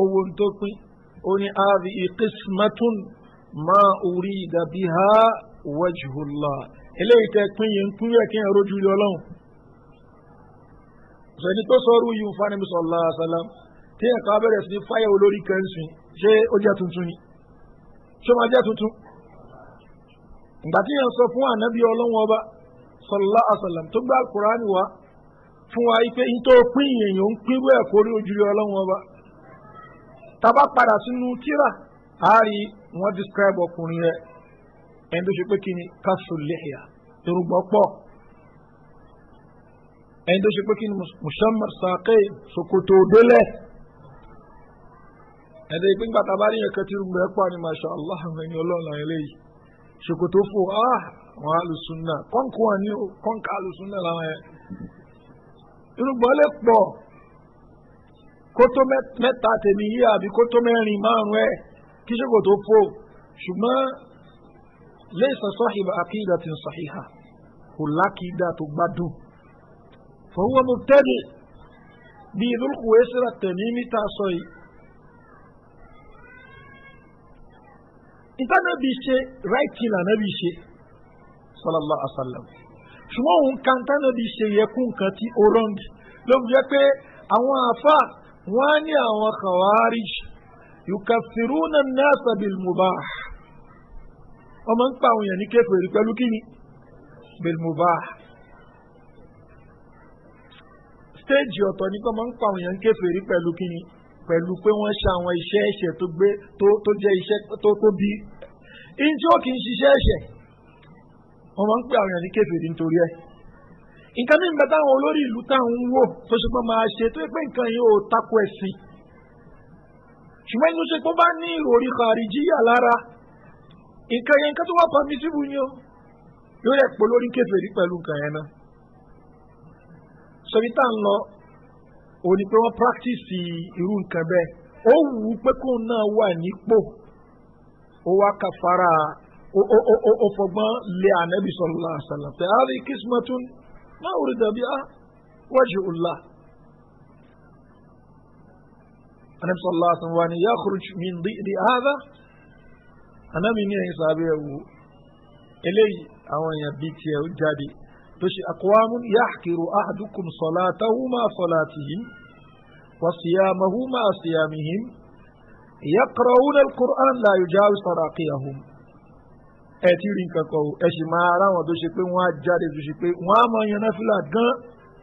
Speaker 1: owó tó pín ó ní aadhi qismatun ma urida biha wajhullah eléyìí tẹ pín yìí ń pín yẹ kí n rojú ilé ọlọ́run sọ̀ni tó sọ̀rọ̀ yìí ń fa anamsa allah salam tí ẹ̀ka abẹ́rẹ́ sí fáyà olórí kan sùn ṣé ó jẹ́ tuntun ni ṣé ó máa jẹ́ tuntun ìgbà yẹn sọ fún ànábì ọlọ́run ọba sọlá àsàlám tó gbá kúránì wá fún wa pé n tó pín èèyàn ń pínrú o kórí ojúlé ọlọ́run ọba tábà padà sínú tíra àárí wọn describe ọkùnrin rẹ ẹni tó ṣe pé kí ni kásù lẹ́yà pọ̀ ẹni tó ṣe pé kí ni sokoto délẹ̀ ẹni tó gbàtà bá níyẹn kẹtì irúgbọ́ ni masha allah ẹni ọlọ́run àwọn eléyìí sokoto fò ah wọn alùsùn náà kọ́ńkọ́ ni kọ́ńkọ́ alùsùn náà làwọn irúgbọ́n lè pọ̀ kótó mẹ́ta tèmi yí àbí kótó mẹ́rin márùn-ún ẹ̀ kí ṣe kò tó fò ṣùgbọ́n léṣe sọ́hìbà àkídà ti ń sọ̀hìhà kò lákìdá tó gbádùn fọwọ́ mo tẹ́lẹ̀ bí ìdúrúkú ẹ̀sìrà tẹ̀mí níta sọ yìí. ìtànàbí ṣe ráìtì lànàbí ṣe sọlọ́lá àṣàlẹ̀ ṣùgbọ́n òun kan tánà bí ṣe yẹ kún nǹkan tí ó rọ́ǹgì ló fi jẹ́ pé àwọn àfa wọn á ní àwọn khawarij yukafiruna nasa bil mubah ọmọ ń pa àwọn èèyàn ní kéferì pẹ̀lú kíni bil mubah stéèjì ọ̀tọ̀ ní kí ọmọ ń pa àwọn èèyàn ní kéferì pẹ̀lú kíni pẹ̀lú pé wọ́n ṣe àwọn iṣẹ́ ẹ̀ṣẹ̀ tó gbé tó jẹ́ iṣẹ́ tó tóbi ìjọ kì í ṣiṣẹ́ ẹ̀ṣẹ̀ wọ́n máa ń pè àwọn èèyàn ní kèfèrí nítorí ẹ̀ nǹkan ní nǹkan táwọn olórí ìlú táwọn ń wò tó ṣe pé máa ṣe tó yẹ pé nǹkan yìí ò takò ẹ̀sìn ṣùgbọ́n inú ṣe tó bá ní ìròrí kàríjíyà lára nǹkan yẹn nǹkan tó wà pàmì síbu ni ó yóò yẹ pé olórí kèfèrí pẹ̀lú nǹkan yẹn náà sọbi tá à lọ òun pé wọ́n practice irú nǹkan bẹ́ẹ̀ ó wù ú pé kóun náà wà nípò ó wá kàfàrà وفضاء لعنبي صلى الله عليه وسلم فهذه كسمة ما أرد بها وجه الله النبي صلى الله عليه وسلم يخرج من ضئر هذا أنا من يصابه إلي أو يبيت جادي فش أقوام يحكر أحدكم صلاته ما صلاتهم وصيامه ما صيامهم يقرؤون القرآن لا يجاوز تراقيهم ẹ ti rí nǹkan kan o ẹ sì máa ara wọn tó ṣe pé wọn á jáde tó ṣe pé wọn á máa yan náfìlà gan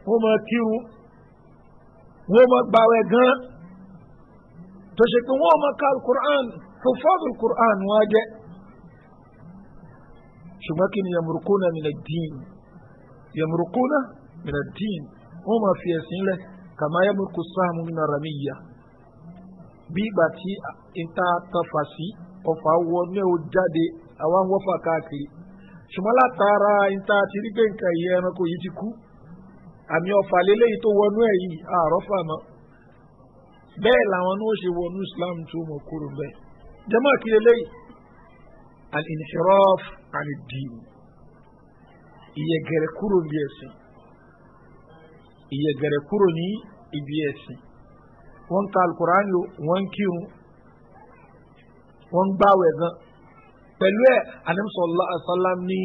Speaker 1: wọn máa kírun wọn máa gbàwẹ gan tó ṣe pé wọn máa ka alukur'an fòfòdù alukur'an wọn á jẹ ṣùgbọ́n kí ni yamurukuna mina dín yamurukuna mina dín wọn máa fi ẹ̀sìn lẹ kàmá yamuruku sáàmù mina ramiya bí ìgbà tí ìta tafasi ọ̀fà wọ ní o jáde àwa ń wọ́fà káàkiri ṣùgbọ́n látara ìta àti rígbé nǹkan yìí ẹranko yìí ti kú àmì ọ̀fà lélẹ́yìí tó wọnú ẹ̀ yìí àrọ́fà mọ́ bẹ́ẹ̀ làwọn náà ṣe wọnú islam tó mọ̀ kúrò bẹ́ẹ̀ jẹ́mọ́ kí lélẹ́yìí al-inhiraf al-din ìyẹ̀gẹ̀rẹ̀ kúrò bí ẹ̀sìn ìyẹ̀gẹ̀rẹ̀ kúrò ní ibi ẹ̀sìn wọ́n ka alukur'an yìí wọ́n kírun wọ́n gbáwẹ̀ gan pẹ̀lú ẹ̀ anamisọ̀lá asálám ní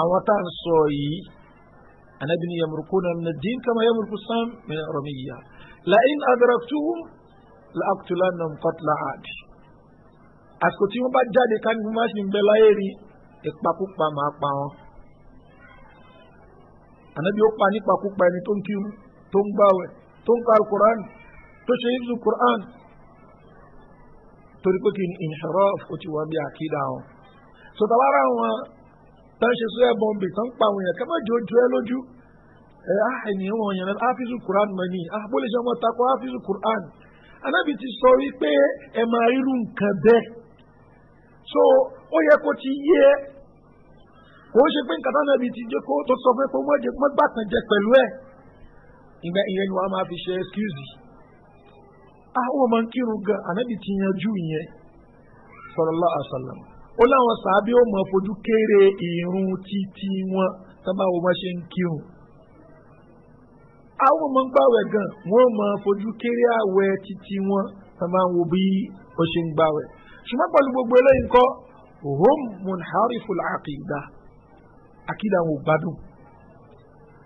Speaker 1: àwọn tá à ń sọ yìí anabi ni yamurukú na na dín kama yamurukú sam mi rọmi yíya la'in adaratu la'akutula na nkọtula adi àsìkò tí wọ́n bá jáde ká ní wọ́n máa ṣì ń bẹ láyé rí ìpakúpa máa pa wọn anabi ó pa nípakúpa ẹni tó ń kírun tó ń gbàwẹ̀ tó ń ka alukur'an tó ṣe ibùsùn kur'an torí pé kí inhiraf ó ti wà bí àkídà wọn sọtàlára wọn tó ń ṣe sọ ẹ bọ̀m̀bì tó ń pa àwọn èèyàn kẹ́mọ́ jọ ojú ẹ lójú ẹ á ènìyàn wọn yẹn áfíìsù quran mọ́ni àbólé ah, ṣe ọmọ takọ áfíìsù quran anábì ti sọ wípé ẹ máa rírun nǹkan bẹ́ẹ̀ so ó yẹ kó ti yé ẹ kò ń ṣe pé nǹkan táwọn ẹbí ti jẹ kó tó sọ fún ẹ pé wọ́n gbà kan jẹ pẹ̀lú ẹ ìgbà ìyẹn ni wọ́n á máa fi ṣe excuse yìí ah wọ́n máa ń kírun gan ànábì ti yanjú ìyẹn sallallahu alaihi wasallam ó láwọn sàábí ó máa fojú kéré ìrun títí wọn sábà wọ́n máa ṣe ń kírun àwọn ah, máa ń gbàwẹ̀ gan wọ́n máa fojú kéré àwẹ̀ títí wọn sábà wọ́n bí wọ́n ṣe ń gbàwẹ̀ ṣùgbọ́n pẹ̀lú gbogbo eléyìí kọ́ hom munhariful aqida akida wọn ò gbádùn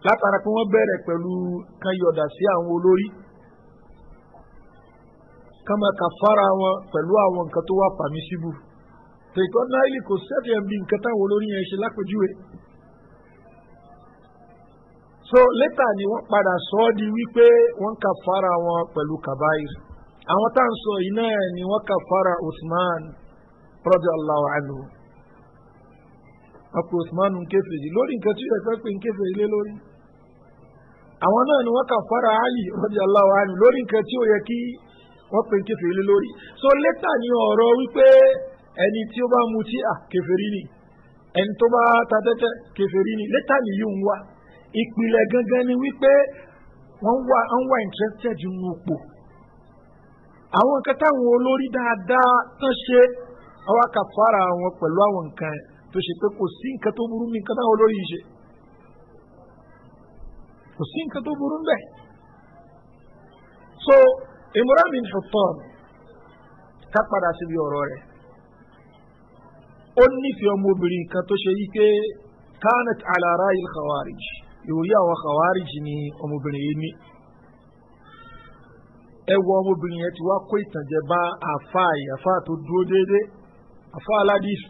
Speaker 1: látara pé wọ́n bẹ̀rẹ̀ pẹ̀lú kan yọ̀dà sí àwọn olórí kama kàfàrà wọn pẹ̀lú àwọn nǹkan tó wà pàmísíbù tètò náírà kò sẹ́fì ẹ̀ bí nǹkan táwọn olórí yẹn ṣe lápèjúwe. so lẹ́tà ni wọ́n padà sọ ọ́ di wípé wọ́n kàfàrà wọn pẹ̀lú kabair àwọn tá à ń sọ yìí náà ni wọ́n kàfàrà usman rọ́jà aláwọ̀ àlù ọkọ̀ usman ń kéfèé lórí nǹkan tí yẹ fẹ́ pé ń kéfèé lé lórí àwọn náà ni wọ́n kàfàrà ali rọ́jà aláwọ̀ àlù lórí nǹkan tí ó yẹ kí wọ́n pe kẹfìrí lé lórí so létà ni ọ̀rọ̀ wípé ẹni tí ó bá mutí à kẹfìrí ni ẹni tó bá ta tẹ́tẹ́ kẹfìrí ni létà ni yìí ń wá ìpìlẹ̀ gangan ni wípé wọ́n wá ń wá interested ń wopò àwọn nǹkan táwọn olórí dáadáa tán ṣe àwọn akàfàrà wọn pẹ̀lú àwọn nǹkan tó ṣe pé kò sí nǹkan tó burú ní nǹkan táwọn olórí ṣe kò sí nǹkan tó burú ń so imran bin hutan ká padà síbi ọ̀rọ̀ rẹ̀ ó nífẹ̀ẹ́ ọmọbìnrin kan tó ṣe yí pé kánat alára il khawarij ìwòye àwọn khawarij ni ọmọbìnrin yìí ní ẹwọ ọmọbìnrin yẹn ti wá kó ìtànjẹ bá àfáà yìí àfáà tó dúró déédéé àfáà aládìsù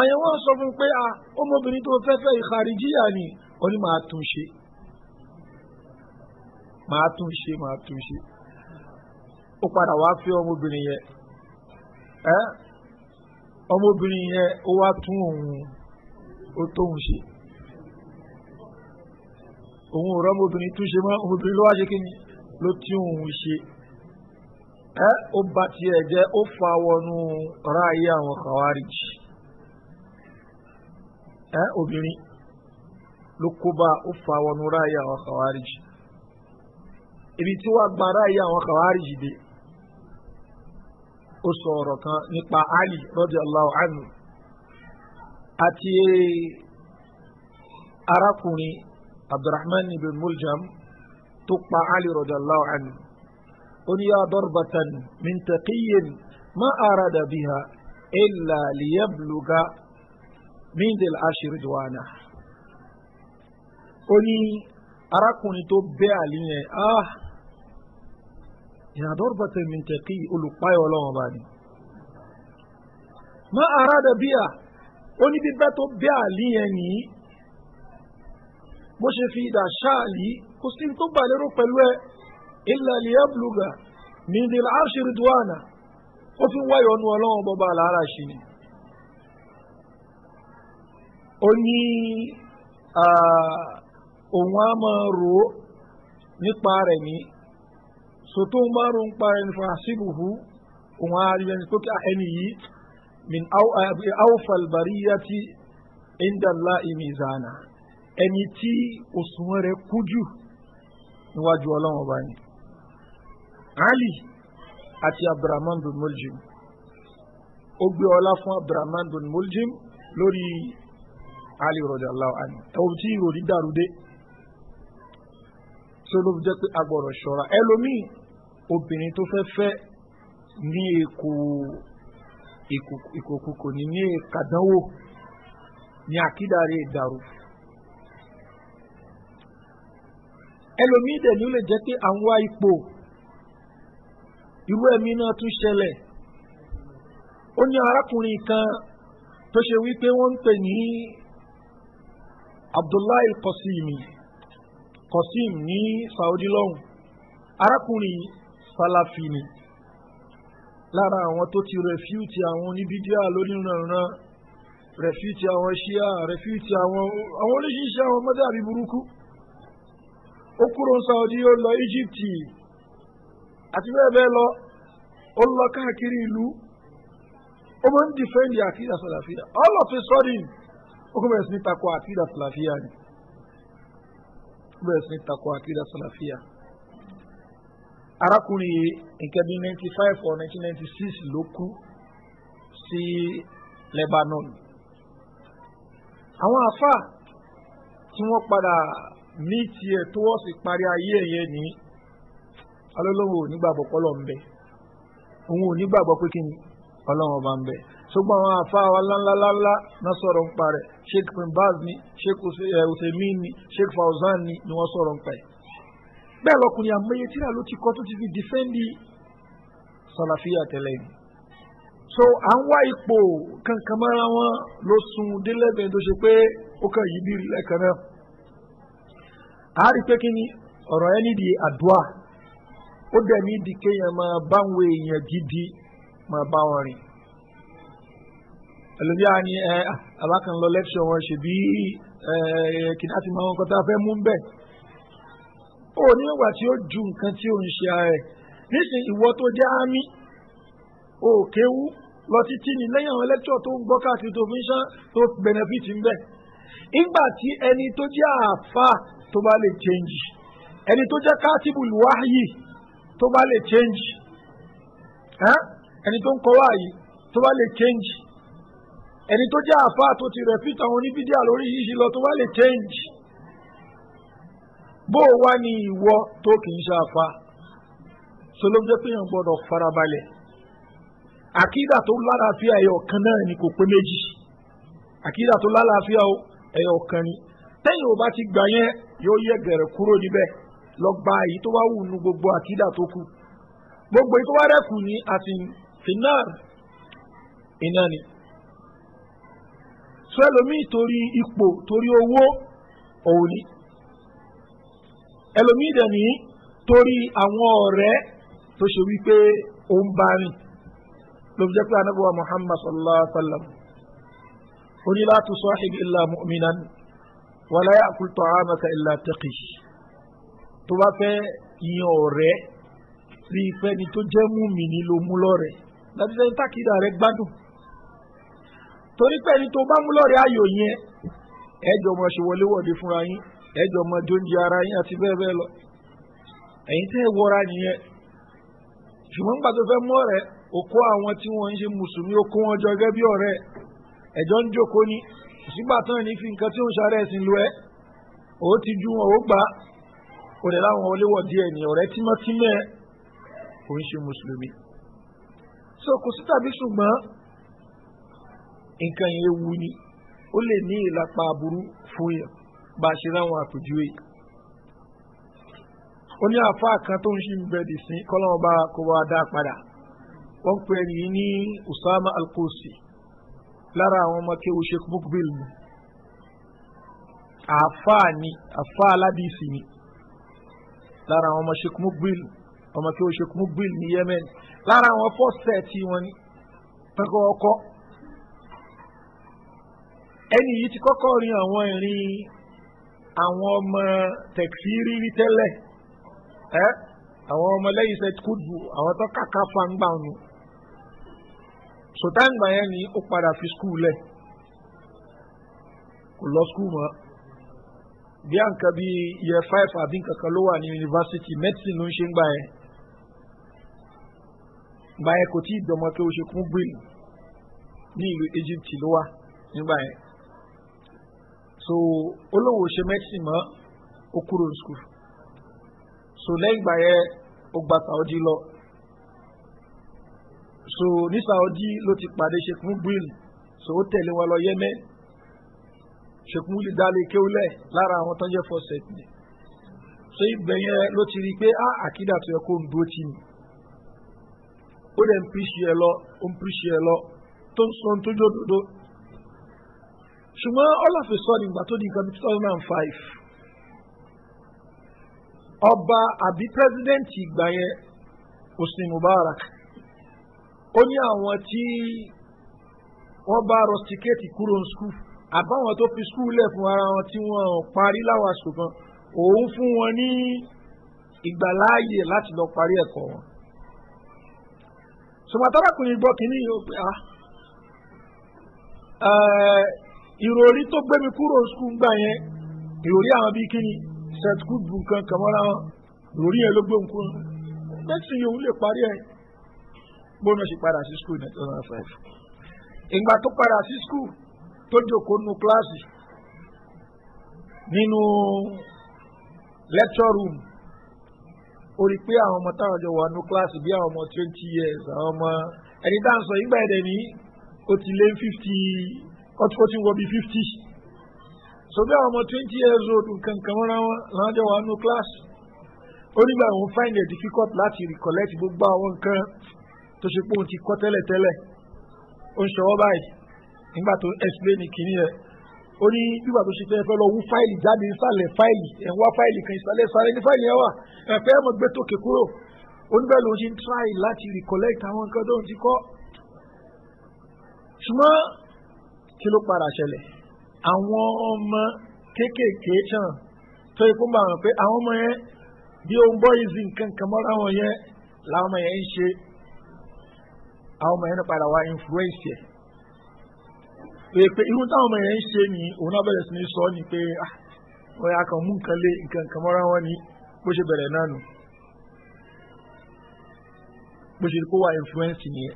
Speaker 1: àyẹ̀wò sọ fún pé ọmọbìnrin tó fẹ́fẹ́ ìkàríjíyà ni onímọ̀ àtúnṣe màá tún ṣe màá tún ṣe ó padà wá fẹ́ ọmọbìnrin yẹn ẹ ọmọbìnrin yẹn ó wá tún òun ó tóun ṣe òun ò rọmọbìnrin tún ṣe mọ́ ọmọbìnrin ló wá ṣe kí ló tí òun ṣe ẹ ó ba tiẹ̀ jẹ́ ó fa wọnú ráàyè àwọn kàwárìjì ẹ obìnrin ló kó bá ó fa wọnú ráàyè àwọn kàwárìjì ibi tí wàá gbára yìí àwọn kàwárí yìí dé ó sọ ọ̀rọ̀ kan nípa ali rọ́dí allahu anhu àti arákùnrin abdulrahman ibn muljam tó pa ali rọ́dí allahu anhu ó ní yá dọ́rbatan mintakiyin ma arada biha illa liyabluga mindil ashir duwana ó ní arákùnrin tó bẹ́ àlìyẹn ah ìràdọ́rbàtà mìtẹ̀kì olùpáyọ̀ ọlọ́run ọba ni. má aráda bíà ó ní bíbẹ́ tó bí àlì yẹn nìyí bó ṣe fi ìdà ṣáàlì kò sí tó gbà lérò pẹ̀lú ẹ ilẹ̀ ilẹ̀ abluga mindil ashir duwana ó fi wáyọ̀ ọ̀nù ọlọ́run bọba àlàárà ṣì ni. ó ní òun á máa rò ó nípa rẹ̀ ní sòtó ń bá rún pa ẹni fa síbùhù òun á rí ẹni tó kí ẹni yìí min eh, awfal bariyati inda Allahi mizana ẹni tí òṣùwọ̀n rẹ̀ kú jù níwájú ọlọ́run ọba ni ali àti abdulrahman bin muljim ó gbé ọlá fún abdulrahman bin muljim lórí ali radiyallahu anhu tàbí tí ìròrí dàrú dé tí jẹ́ pé agbọ̀rọ̀ ṣọ́ra ẹlòmíì obìnrin tó fẹ́ fẹ́ ní èkó ìkòkòkò ní ní kàdánwò ní àkídàrí ìdàrú. ẹlòmíì dẹ̀ ló lè jẹ́ pé àwọn ipò irú ẹ̀mí náà tún ṣẹlẹ̀ ó ní arákùnrin kan tó ṣe wípé wọ́n ń pè ní abdullahi Kosim kọsíìmì ní saudi lọ́hùn arákùnrin yìí salafi ni lára àwọn tó ti rẹfíùtì àwọn oníbídíà lóníranran rẹfíùtì àwọn ṣíà rẹfíùtì àwọn àwọn oníṣiṣẹ àwọn ọmọdé àbí burúkú ó kúrò saudi ó lọ egypt àti bẹ́ẹ̀ bẹ́ẹ̀ lọ ó lọ káàkiri ìlú ó máa ń dìfẹ́ǹdì àkídà sàlàfíà all of a sudden ó kún bẹ̀rẹ̀ sí ní takò àkídà sàlàfíà ni ó bẹ̀rẹ̀ sí ní takò àkídà sàlàfíà arákùnrin yìí nǹkan bíi ninety five or nineteen ninety six ló kú sí lebanon àwọn àfa tí wọ́n padà ní tiẹ̀ tó wọ́n sì parí ayé ẹ̀yẹ ní alólówó onígbàgbọ́ pọ́lọ́ ń bẹ òun onígbàgbọ́ pé kí ni ọlọ́run ọba ń bẹ ṣùgbọ́n àwọn àfa wa ńláńláńlá náà sọ̀rọ̀ ń parẹ̀ sheikh bin baz ni sheikh usemi ni sheikh fauzan ni ni wọ́n sọ̀rọ̀ ń parẹ̀ bẹ́ẹ̀ lọkùnrin àmọye tíra ló ti kọ́ tó ti fi dìfẹ́ǹdì sọ̀làfíà tẹ́lẹ̀ ni so à ń wá ipò kankan mọ́ra wọn ló sun délẹ́gbẹ̀ẹ́ tó ṣe pé ó kàn yí bí lẹ́ẹ̀kan náà a rí pé kí ni ọ̀rọ̀ ẹni di àdúrà ó dẹ̀ ní di kéèyàn máa báwọn èèyàn gidi máa bá wọn rìn ẹlòmíà ni ẹ alákan lọ lẹ́kṣọ̀ wọn ṣèbí ẹ kìnnìkan ti máa wọn kọ́ta fẹ́ mú bẹ́ẹ̀ ó ní ìgbà tí ó ju nǹkan tí ó ń ṣe ara ẹ̀ nísìn ìwọ tó jẹ́ ámì ó kéwú lọ títí ní lẹ́yìn àwọn lẹ́kítọ̀ tó ń gbọ́ káàkiri tó fi ń ṣán tó bẹnẹfìtì ń bẹ̀ ìgbà tí ẹni tó jẹ́ àáfà tó bá lè change ẹni tó jẹ́ káàtìbù wáyì tó bá lè change ẹni tó ń kọ́ wáyì tó bá lè change ẹni tó jẹ́ àáfà tó ti rẹ̀ fìtà àwọn oníbídíà lórí yíyí lọ tó bá lè change bó o wá ní ìwọ tó kì í ṣàfà solójẹ́ pé yẹn gbọ́dọ̀ farabalẹ̀ àkídà tó lálàáfíà ẹ̀yọ̀ kan náà ni kò pé méjì àkídà tó lálàáfíà ẹ̀yọ̀ kan ni tẹ́yìn ò bá ti gbà yẹn yóò yẹ gẹ̀rẹ̀ kúrò níbẹ̀ lọ gba èyí tó wá wù nu gbogbo àkídà tó kù gbogbo èyí tó wá rẹ̀kù ní àti finar iná ni sọ ẹlòmíì torí ipò torí owó òun ni ẹlòmíì dẹ̀ ní torí àwọn ọ̀rẹ́ tó ṣe wípé ó ń bá rìn ló fi jẹ́ pé anábọ̀wá muhammad sallallahu alaihi wa sallam ó ní láti sọ àṣìbí ilà mu'minan wàlá yà kúlù tọ́ àmàkà ilà tẹ́kì tó bá fẹ́ yan ọ̀rẹ́ rí ìfẹ́ ni tó jẹ́ mú mi ní ló mú lọ́rẹ̀ láti tákìdá rẹ̀ gbádùn torí pé ẹni tó bá mú lọ́rẹ̀ ayò yẹn ẹ̀jọ̀ mọ̀ ṣe wọléwọ̀de fúnra yín ẹjọ́ ọmọ tó ń jẹ ara yín àti bẹ́ẹ̀ bẹ́ẹ̀ lọ ẹ̀yin tẹ́ ẹ wọra nìyẹn ṣùgbọ́n nígbà tó fẹ́ mú ọ̀rẹ́ òkú àwọn tí wọ́n ń ṣe mùsùlùmí okó wọn jọ gẹ́gẹ́ bí ọ̀rẹ́ ẹ̀jọ́ ń jókòó ni ìṣùgbà tán ní fi nǹkan tí ó ń ṣàrẹ́ ẹ̀sìn lu ẹ́ ó ti ju wọn ó gbà ó rẹ̀ láwọn oléwọ̀ díẹ̀ ní ọ̀rẹ́ tímọ́tímẹ́ kò ń ṣe mùsùlùmí. so kò sí tàbí ṣùgbọ́n nǹkan yẹn wu ni ó lè ní ìlàpá aburú fún yẹn bá a ṣe láwọn àpèjúwe ó ní àfa kan tó ń ṣì ń bẹ dì sí kọ́lọ́mọ bá kó wa dá padà wọ́n pè ní ní usama alkosi lára àwọn ọmọ kéwu sheikh mukbil ni àfa ni àfa aládìsí ni lára àwọn ọmọ sheikh mukbil ọmọ kéwu sheikh mukbil ní yemen lára àwọn fọ́sẹ̀ tí wọ́n ní pẹ́kọ́ ọkọ́ ẹni yìí ti kọ́kọ́ rin àwọn ìrìn àwọn ọmọ tẹ̀kfírí rí tẹ́lẹ̀ ẹ́ àwọn ọmọ lẹ́yìn sẹ́t kúdù àwọn tó kàkà fangba nù sọtáǹgbà yẹn ni ó padà fi skul lẹ̀ kò lọ skul mọ́ bí à ń kà bí yẹ five àbí kankan ló wà ní yunifásitì medicine ló ń ṣe ń gbà yẹn gbà yẹn kò tí ì dọmọ pé ó ṣe kún bíi ní ìlú egypt ló wà nígbà yẹn so olówó ṣe mẹ́tì mọ́ ó kúrò ní skul so lẹ́yìn ìgbà yẹn ó gba saudi lọ so ní saudi ló ti pàdé ṣekún bíìlì so ó tẹ̀lé wọn lọ yẹmẹ ṣekún bíìlì dálé kéwúlẹ̀ lára àwọn tó ń jẹ́ fọ́sẹ̀tì ni so ibẹ̀ yẹn ló ti rí pé a ah, àkídà tó yẹ kó ń dúró tì mí ó dẹ̀ ń píṣì ẹ lọ ó ń píṣì ẹ lọ tó ń sọ ohun tó jó dodo ṣùgbọ́n all of a sudden ìgbà tó di nǹkan two thousand and five ọba àbí pírẹsidẹ́ǹtì ìgbà yẹn hosni mubarak ó ní àwọn tí wọ́n bá rusticate kúrò ní skul àbáwọn tó fi skul lẹ̀ fún ara wọn tí wọ́n parí láwọn àsìkò kan òun fún wọn ní ìgbàláàyè láti lọ parí ẹ̀kọ́ wọn sọmọtàràkùnrin gbọ́ kínní yóò pé ah. Eh, ìròrí tó gbé mi kúrò skul gbà yẹn ìròrí àwọn bíi kíni sẹtukú bu nǹkan kàmọ́ra wọn ìròrí yẹn ló gbé mi kúrò mẹ́sìn yòówù lè parí ẹ̀ gbóná ṣe padà sí skul ní two five ìgbà tó padà sí skul tó jòkó nínú kíláàsì nínú lecture room ó rí i pé àwọn ọmọ táwọn jọ wà nínú kíláàsì bí àwọn ọmọ twenty years àwọn ọmọ ẹni tá à ń sọ yìí ẹ̀dẹ̀ ní ó ti lé fifty ó ti wọ bí fifty so bí àwọn ọmọ twenty years old nǹkan kan mọ́ra wọn láwọn jọ wà nù class ó nígbà òun find it difficult láti recollect gbogbo àwọn nǹkan tó ṣe pé òun ti kọ́ tẹ́lẹ̀tẹ́lẹ̀ ó ń ṣọwọ́ báyìí nígbà tó explain kìíní yẹn ó ní bíbà tó ṣe fẹ́ lọ wú fáìlì jáde ìsàlẹ̀ fáìlì ẹ̀ ń wá fáìlì kan ìsàlẹ̀ ìsàlẹ̀ ní fáìlì yẹn wà ẹ̀ fẹ́ mọ̀ gbé tòkè kúrò oníbẹ̀ ló ṣe ń try láti recollect àwọn nǹkan tó ń ti kọ́ ṣùgbọ́n kí ló padà ṣẹlẹ̀ àwọn ọmọ kéékèèké tán tó ikú bá wọn pé àwọn ọmọ yẹn bí ohun bọ́ ìzì nǹkan kan mọ́ra wọn yẹn làwọn ọmọ yẹn ń ṣe àwọn ọmọ yẹn padà wá influence yẹn pé pé irú táwọn ọmọ yẹn ń ṣe ni òun náà bẹ̀rẹ̀ sí ní sọ ni pé ah, wọ́n yà kàn mú nǹkan lé nǹkan kan mọ́ra wọn ni bó ṣe bẹ̀rẹ̀ náà nù bó ṣe kó wá influence yẹn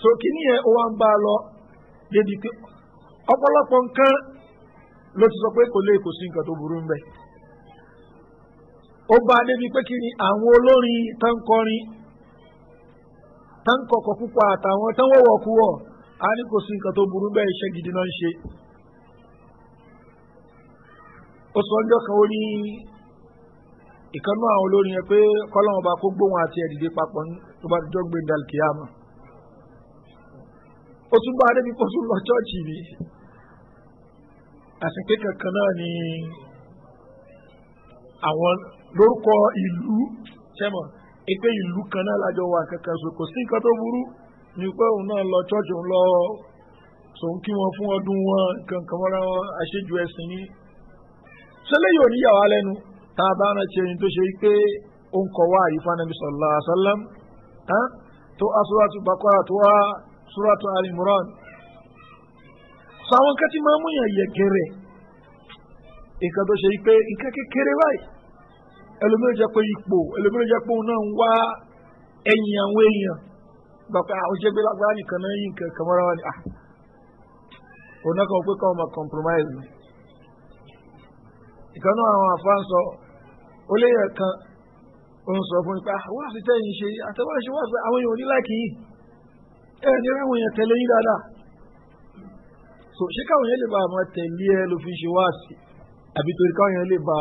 Speaker 1: so kí ni yẹn ó wá ń bá a lọ débi pé ọ̀pọ̀lọpọ̀ nǹkan ló ti sọ pé kò lè kò sí nǹkan tó burú ń bẹ̀. ó bá a débi pé kí ni àwọn olórin táǹkọrin táǹkọ̀kọ̀ púpọ̀ àtàwọn táwọ̀wọ̀ kú wọ̀ a ní kò sí nǹkan tó burú bẹ́ẹ̀ iṣẹ́ gidi náà ń ṣe. ó sọ ọjọ́ kan ó ní ìkànnú àwọn olórin yẹn pé kọ́lọ́mọba kó gbóhùn àti ẹ̀dìdì papọ̀ tó bá jọ́ gbé dalkiyama ó tún bá débi kó tún lọ chọ́ọ̀chì mi àsìkè kankan náà ni àwọn lórúkọ ìlú sẹ́mọ̀ èpè ìlú kan náà lájọ wà kankan so kò sí nǹkan tó burú ni pé òun náà lọ chọ́ọ̀chì òun lọ sòun kí wọn fún ọdún wọn nǹkan kan mọ́ra wọn àṣejù ẹ̀sìn ni sẹlẹ́yìn ò ní yà wá lẹ́nu tá a bá rán ṣe ẹni tó ṣe pé ó ń kọ wá àyífá nàbí sọ̀lá àṣálàm tó aṣọ àtúbàkọ́ra tó wá. suratu ali imran sọ àwọn nǹkan tí máa mú yàn yẹgẹrẹ nǹkan tó ṣe yí pé nǹkan kékeré báyìí ẹlòmíràn jẹ pé ipò ẹlòmíràn jẹ pé òun náà ń wá ẹyìn àwọn èèyàn gbàgbà àwọn jẹgbẹ lágbára nìkan náà nǹkan ni ah òun náà kàn pé káwọn máa compromise ni ìkan náà àwọn àfa ń sọ ó léyìn kan ó ń sọ fún mi pé ah, tẹ́yìn ẹ ní ráwọn yẹn tẹ̀lé yín dáadáa so ṣé káwọn yẹn lè bá àwọn tẹ̀lé ẹ ló fi ṣe wá sí àbí torí káwọn yẹn lè bá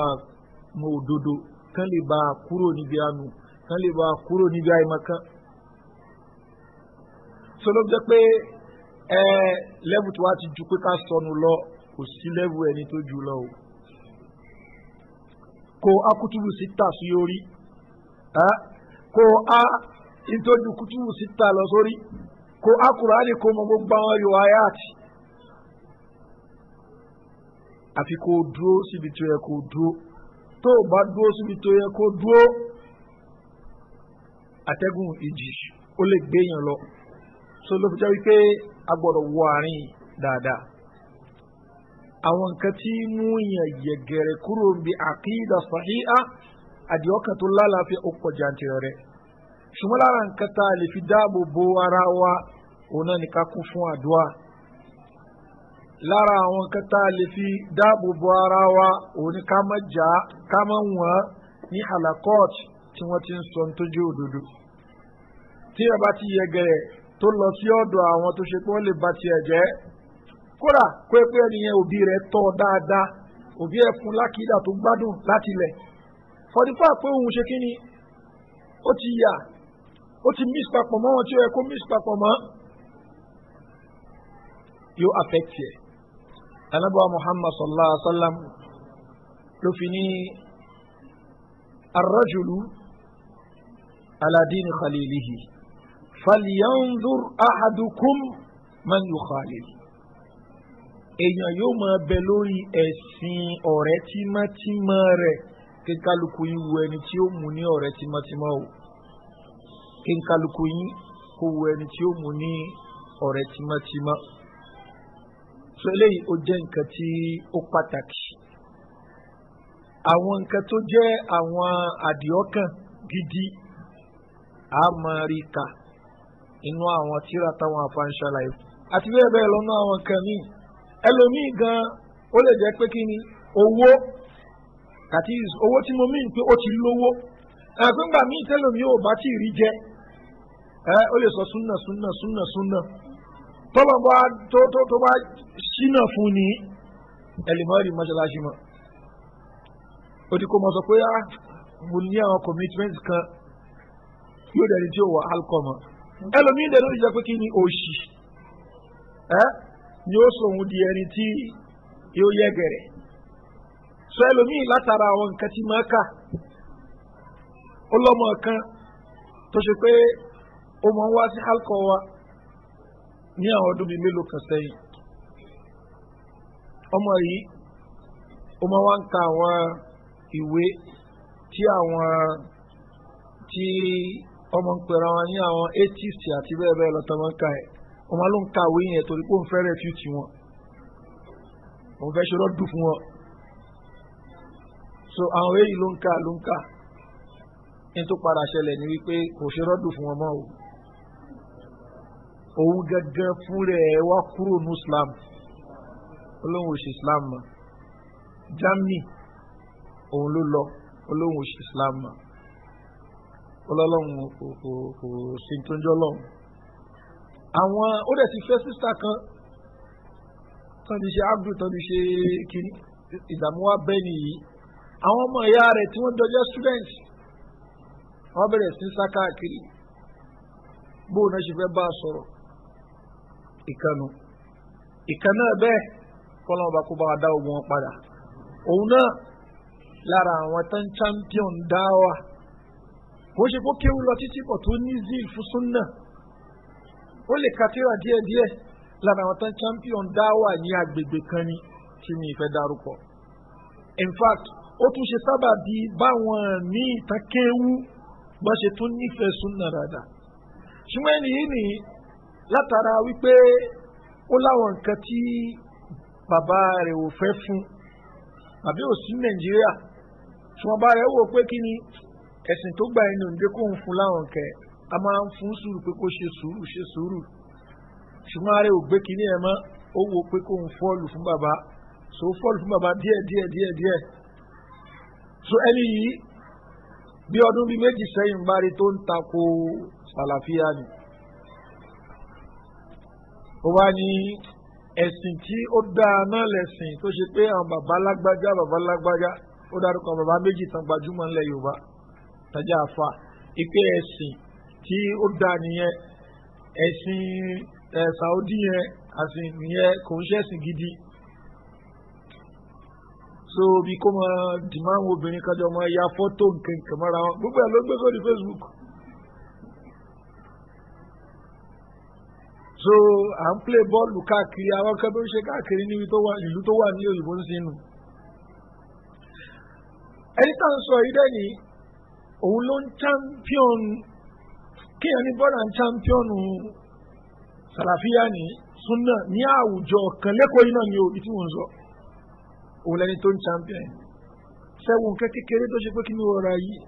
Speaker 1: mọ òdodo kán lè bá kúrò níbi àánú kán lè bá kúrò níbi àìmọ̀kan so ló jẹ́ pé ẹ lẹ́bù tí wàá ti ju pé ká sọnù lọ kò sí lẹ́bù ẹni tó jù lọ o kò akutubu síta sí orí kò a nítorí kutubu síta lọ sórí. So ko akurani kó mọ gbogbo àwọn a àfi kó dúró síbi yẹ kó to o bá dúró síbi tó yẹ lọ so lo fi jẹ́ wípé a gbọ́dọ̀ wọ àárín dáadáa àwọn nǹkan tí mú yàn yẹ̀gẹ̀rẹ̀ kúrò bí àkídà sàhíà àdìọ́kàn tó lálàáfíà ó pọ̀ jàǹtìrẹ̀ rẹ̀ fi dáàbò wa Ona náà ní ká kún fún àdúrà lára àwọn nǹkan lè fi dáàbò bo ara wa òun ní ká má jà á ká má wọ̀n ní halakọ́ọ̀tì tí wọ́n ti ń sọ nítorí òdodo tí ẹ bá ti yẹgẹrẹ tó lọ sí ọ̀dọ̀ àwọn tó ṣe pé wọ́n lè ba tiẹ̀ jẹ́ kódà kó ẹ pé ẹnìyẹn òbí rẹ tọ́ dáadáa òbí ẹ fún lákìdá tó gbádùn láti lẹ̀ fọdífà pé òun ṣe kí ni ó ti yà ó ti mix papọ̀ mọ́ wọn tí ó yẹ kó mix papọ̀ mọ́ yóò affect yẹ anabiwa muhammad sallallahu alaihi wa sallam ló fi ní arrajulu aladini khalilihi falyanzur ahadukum man yu khalil èèyàn yóò máa bẹ lórí ẹ̀sìn ọ̀rẹ́ tímọ́tímọ́ rẹ̀ kí kálukú yín wo ẹni tí ó mú ní ọ̀rẹ́ tímọ́tímọ́ o kí kálukú yín kó wo ẹni tí ó mú ní ọ̀rẹ́ tímọ́tímọ́ so eléyìí ó jẹ́ nǹkan tí ó pàtàkì àwọn nǹkan tó jẹ́ àwọn àdìọ́kàn gidi a máa rí ka inú àwọn tíra táwọn afáńṣálà yìí àti bẹ́ẹ̀ bẹ́ẹ̀ lọ́nà àwọn nǹkan míì ẹlòmíì gan ó lè jẹ́ pé kí ni owó àti owó tí mo mìíràn pé ó ti lówó míì tẹ́lòmíì ò bá ó lè sọ súnà súnà súnà. tọ́lọ̀ bá tó tó tó bá ṣínà fún ni ẹlẹ́mọ́rì mọ́ṣáláṣí mọ́ o ti kó mọ́ sọ pé á ah, mo ní àwọn commitment kan yóò dẹni tí ó wà alcohol mọ́ ẹlòmíín ló ti jẹ́ pé kí ni òṣì ẹ́ ni ó sọ òun di ẹni tí yóò yẹ gẹ̀rẹ̀ sọ ẹlòmíín látara àwọn nǹkan tí máa kà ó lọ́mọ kan tó ṣe pé o mọ̀ ń wá sí ní àwọn ọdún bíi mélòó kan sẹ́yìn ọmọ yìí ó máa wá ń ka àwọn ìwé tí àwọn tí ọmọ ń pera wọn ní àwọn atheist àti bẹ́ẹ̀ bẹ́ẹ̀ lọ́tọ́ máa ń ka ẹ̀ ọmọ ló ń ka ìwé yẹn torí pé òun fẹ́ rẹ̀ fíìtì wọn òun fẹ́ ṣe lọ́dún fún wọn so àwọn èyí ló ń ka ló ń ka ní tó padà ṣẹlẹ̀ ní wípé kò ṣe lọ́dún fún wọn mọ́ o òun gangan fún rẹ̀ wá kúrò ní islam olóhùn òṣì islam mọ́ germany òun ló lọ olóhùn òṣì islam mọ́ olólùwọ̀n kò ṣe tó ń jọ́ lọ́wọ́ àwọn ó dẹ̀ ti fẹ́ sísá kan tọ́ni ṣe abdul tọ́ni ṣe kiri ìdààmú wa bẹ́ẹ̀ nìyí àwọn ọmọ ìyá rẹ̀ tí wọ́n dọjọ́ student wọ́n bẹ̀rẹ̀ sí káàkiri bóun náà ṣe fẹ́ bá a sọ̀rọ̀ ìkànnù ìkan náà bẹ́ẹ̀ kọ́lọ́n ọba kó bá wa dá ogun wọn padà òun náà lára àwọn tán champion dá wa bó ṣe kó kéwú lọ títí pọ̀ tó ní zeal fún súnà ó lè kàtírà díẹ̀díẹ̀ lára àwọn tán champion dá wa ní agbègbè kan ni tí mi fẹ́ dárúkọ in fact ó tún ṣe sábà di báwọn míì tán kéwú bá ṣe tún nífẹ̀ẹ́ súnà dáadáa ṣùgbọ́n ẹni yìí nìyí látara wípé ó láwọn nǹkan tí bàbá rẹ̀ ò fẹ́ fún àbí ò sí nàìjíríà tí wọ́n bá rẹ̀ wò pé kí ni ẹ̀sìn tó gbà ẹni òǹdé kó ń fún láwọn nǹkan a máa ń fún sùúrù pé kó ṣe sùúrù ṣe sùúrù ṣùgbọ́n ààrẹ ò gbé kínní ẹ̀ mọ́ ó wò pé kó ń fọ́ọ̀lù fún bàbá so fọ́ọ̀lù fún bàbá díẹ̀ díẹ̀ díẹ̀ díẹ̀ so ẹni yìí bí ọdún bíi méjì sẹ́yìn bá rí tó ń takò sàlàfíà ni ó wá ní ẹ̀sìn tí ó dáa náà lẹ̀sìn tó ṣe pé àwọn bàbá lágbájá bàbá lágbájá ó dárúkọ bàbá méjì tán gbajúmọ̀ ńlẹ̀ yorùbá tajà àfa ìpè ẹ̀sìn tí ó dáa nìyẹn ẹ̀sìn sàódì yẹn àsìn nìyẹn kò ń ṣẹ̀sìn gidi so bí kò máa dìmáwò obìnrin kájọ máa ya fọ́tò nǹkan kan mọ́ra wọn gbogbo ẹ̀ ló gbé sórí facebook. so à ń play bọ́ọ̀lù káàkiri àwọn kan bí ó ṣe káàkiri ní ìlú tó wà ní òyìnbó ń sinú. ẹni tá à ń sọ yìí dẹ́yìn òun ló ń champion kíyàn ní bọ́ọ̀lù à champion sàlàfíà ní súnà ní àwùjọ kan lẹ́kọ̀ọ́ yìí náà ni òbí tí mò ń sọ òun lẹni tó ń champion sẹ́wọ̀n nǹkan kékeré tó ṣe pé kí ni wọ́n ra yìí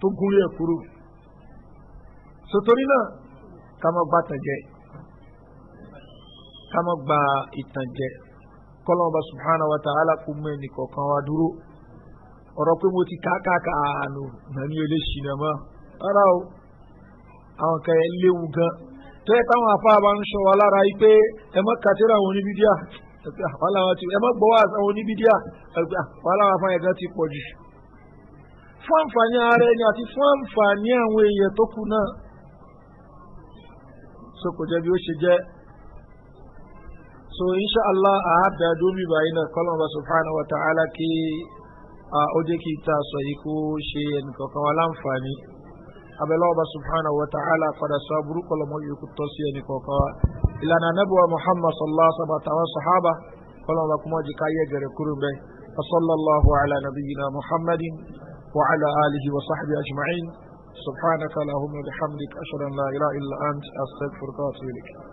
Speaker 1: tó gúnlẹ̀ kúrò sotori náà ká má gbàtàn jẹ́ Kama má gba ìtànjẹ kọ́lọ́n ọba subhanahu wa ta'ala kò mú ẹnì kọ̀ọ̀kan wa dúró ọ̀rọ̀ pé mo ti káàkàkà àánú nàní olè ṣìnà mọ́ rárá o àwọn kan yẹn léwu gan tẹ́ táwọn afáàbá ń sọ wa lára yìí pé ẹ mọ́ kàtẹ́rọ àwọn oníbídíà ah, wàhálà wọn ti ẹ mọ́ gbọ́wọ́ àwọn oníbídíà ah, wàhálà wọn afáàyàn gan ti pọ̀ jù fún àǹfààní ara ẹni àti fún àǹfààní àwọn èèyàn tó kù náà so so insha allah a da domi bayi na kọlọn ba subhanahu wa ta'ala ki a o jẹ ki ta sọ yìí kó ṣe ẹnì kankan wa láǹfààní abẹ́lẹ́ ọba subhanahu wa ta'ala padà sọ aburú kọlọmọ yìí kó tọ́ sí ẹnì kankan wa ìlànà anábọ̀ muhammad sallallahu alaihi wa sallam àtàwọn sahaba kọlọn ba kuma jìkà yẹ gẹrẹ kúrò bẹ́ẹ̀ wa sallallahu ala nabiyina muhammadin wa ala alihi wa sahbi ajma'in subhanaka lahumma bihamdik ashhadu an la ilaha illa ant astaghfiruka wa atubu ilaik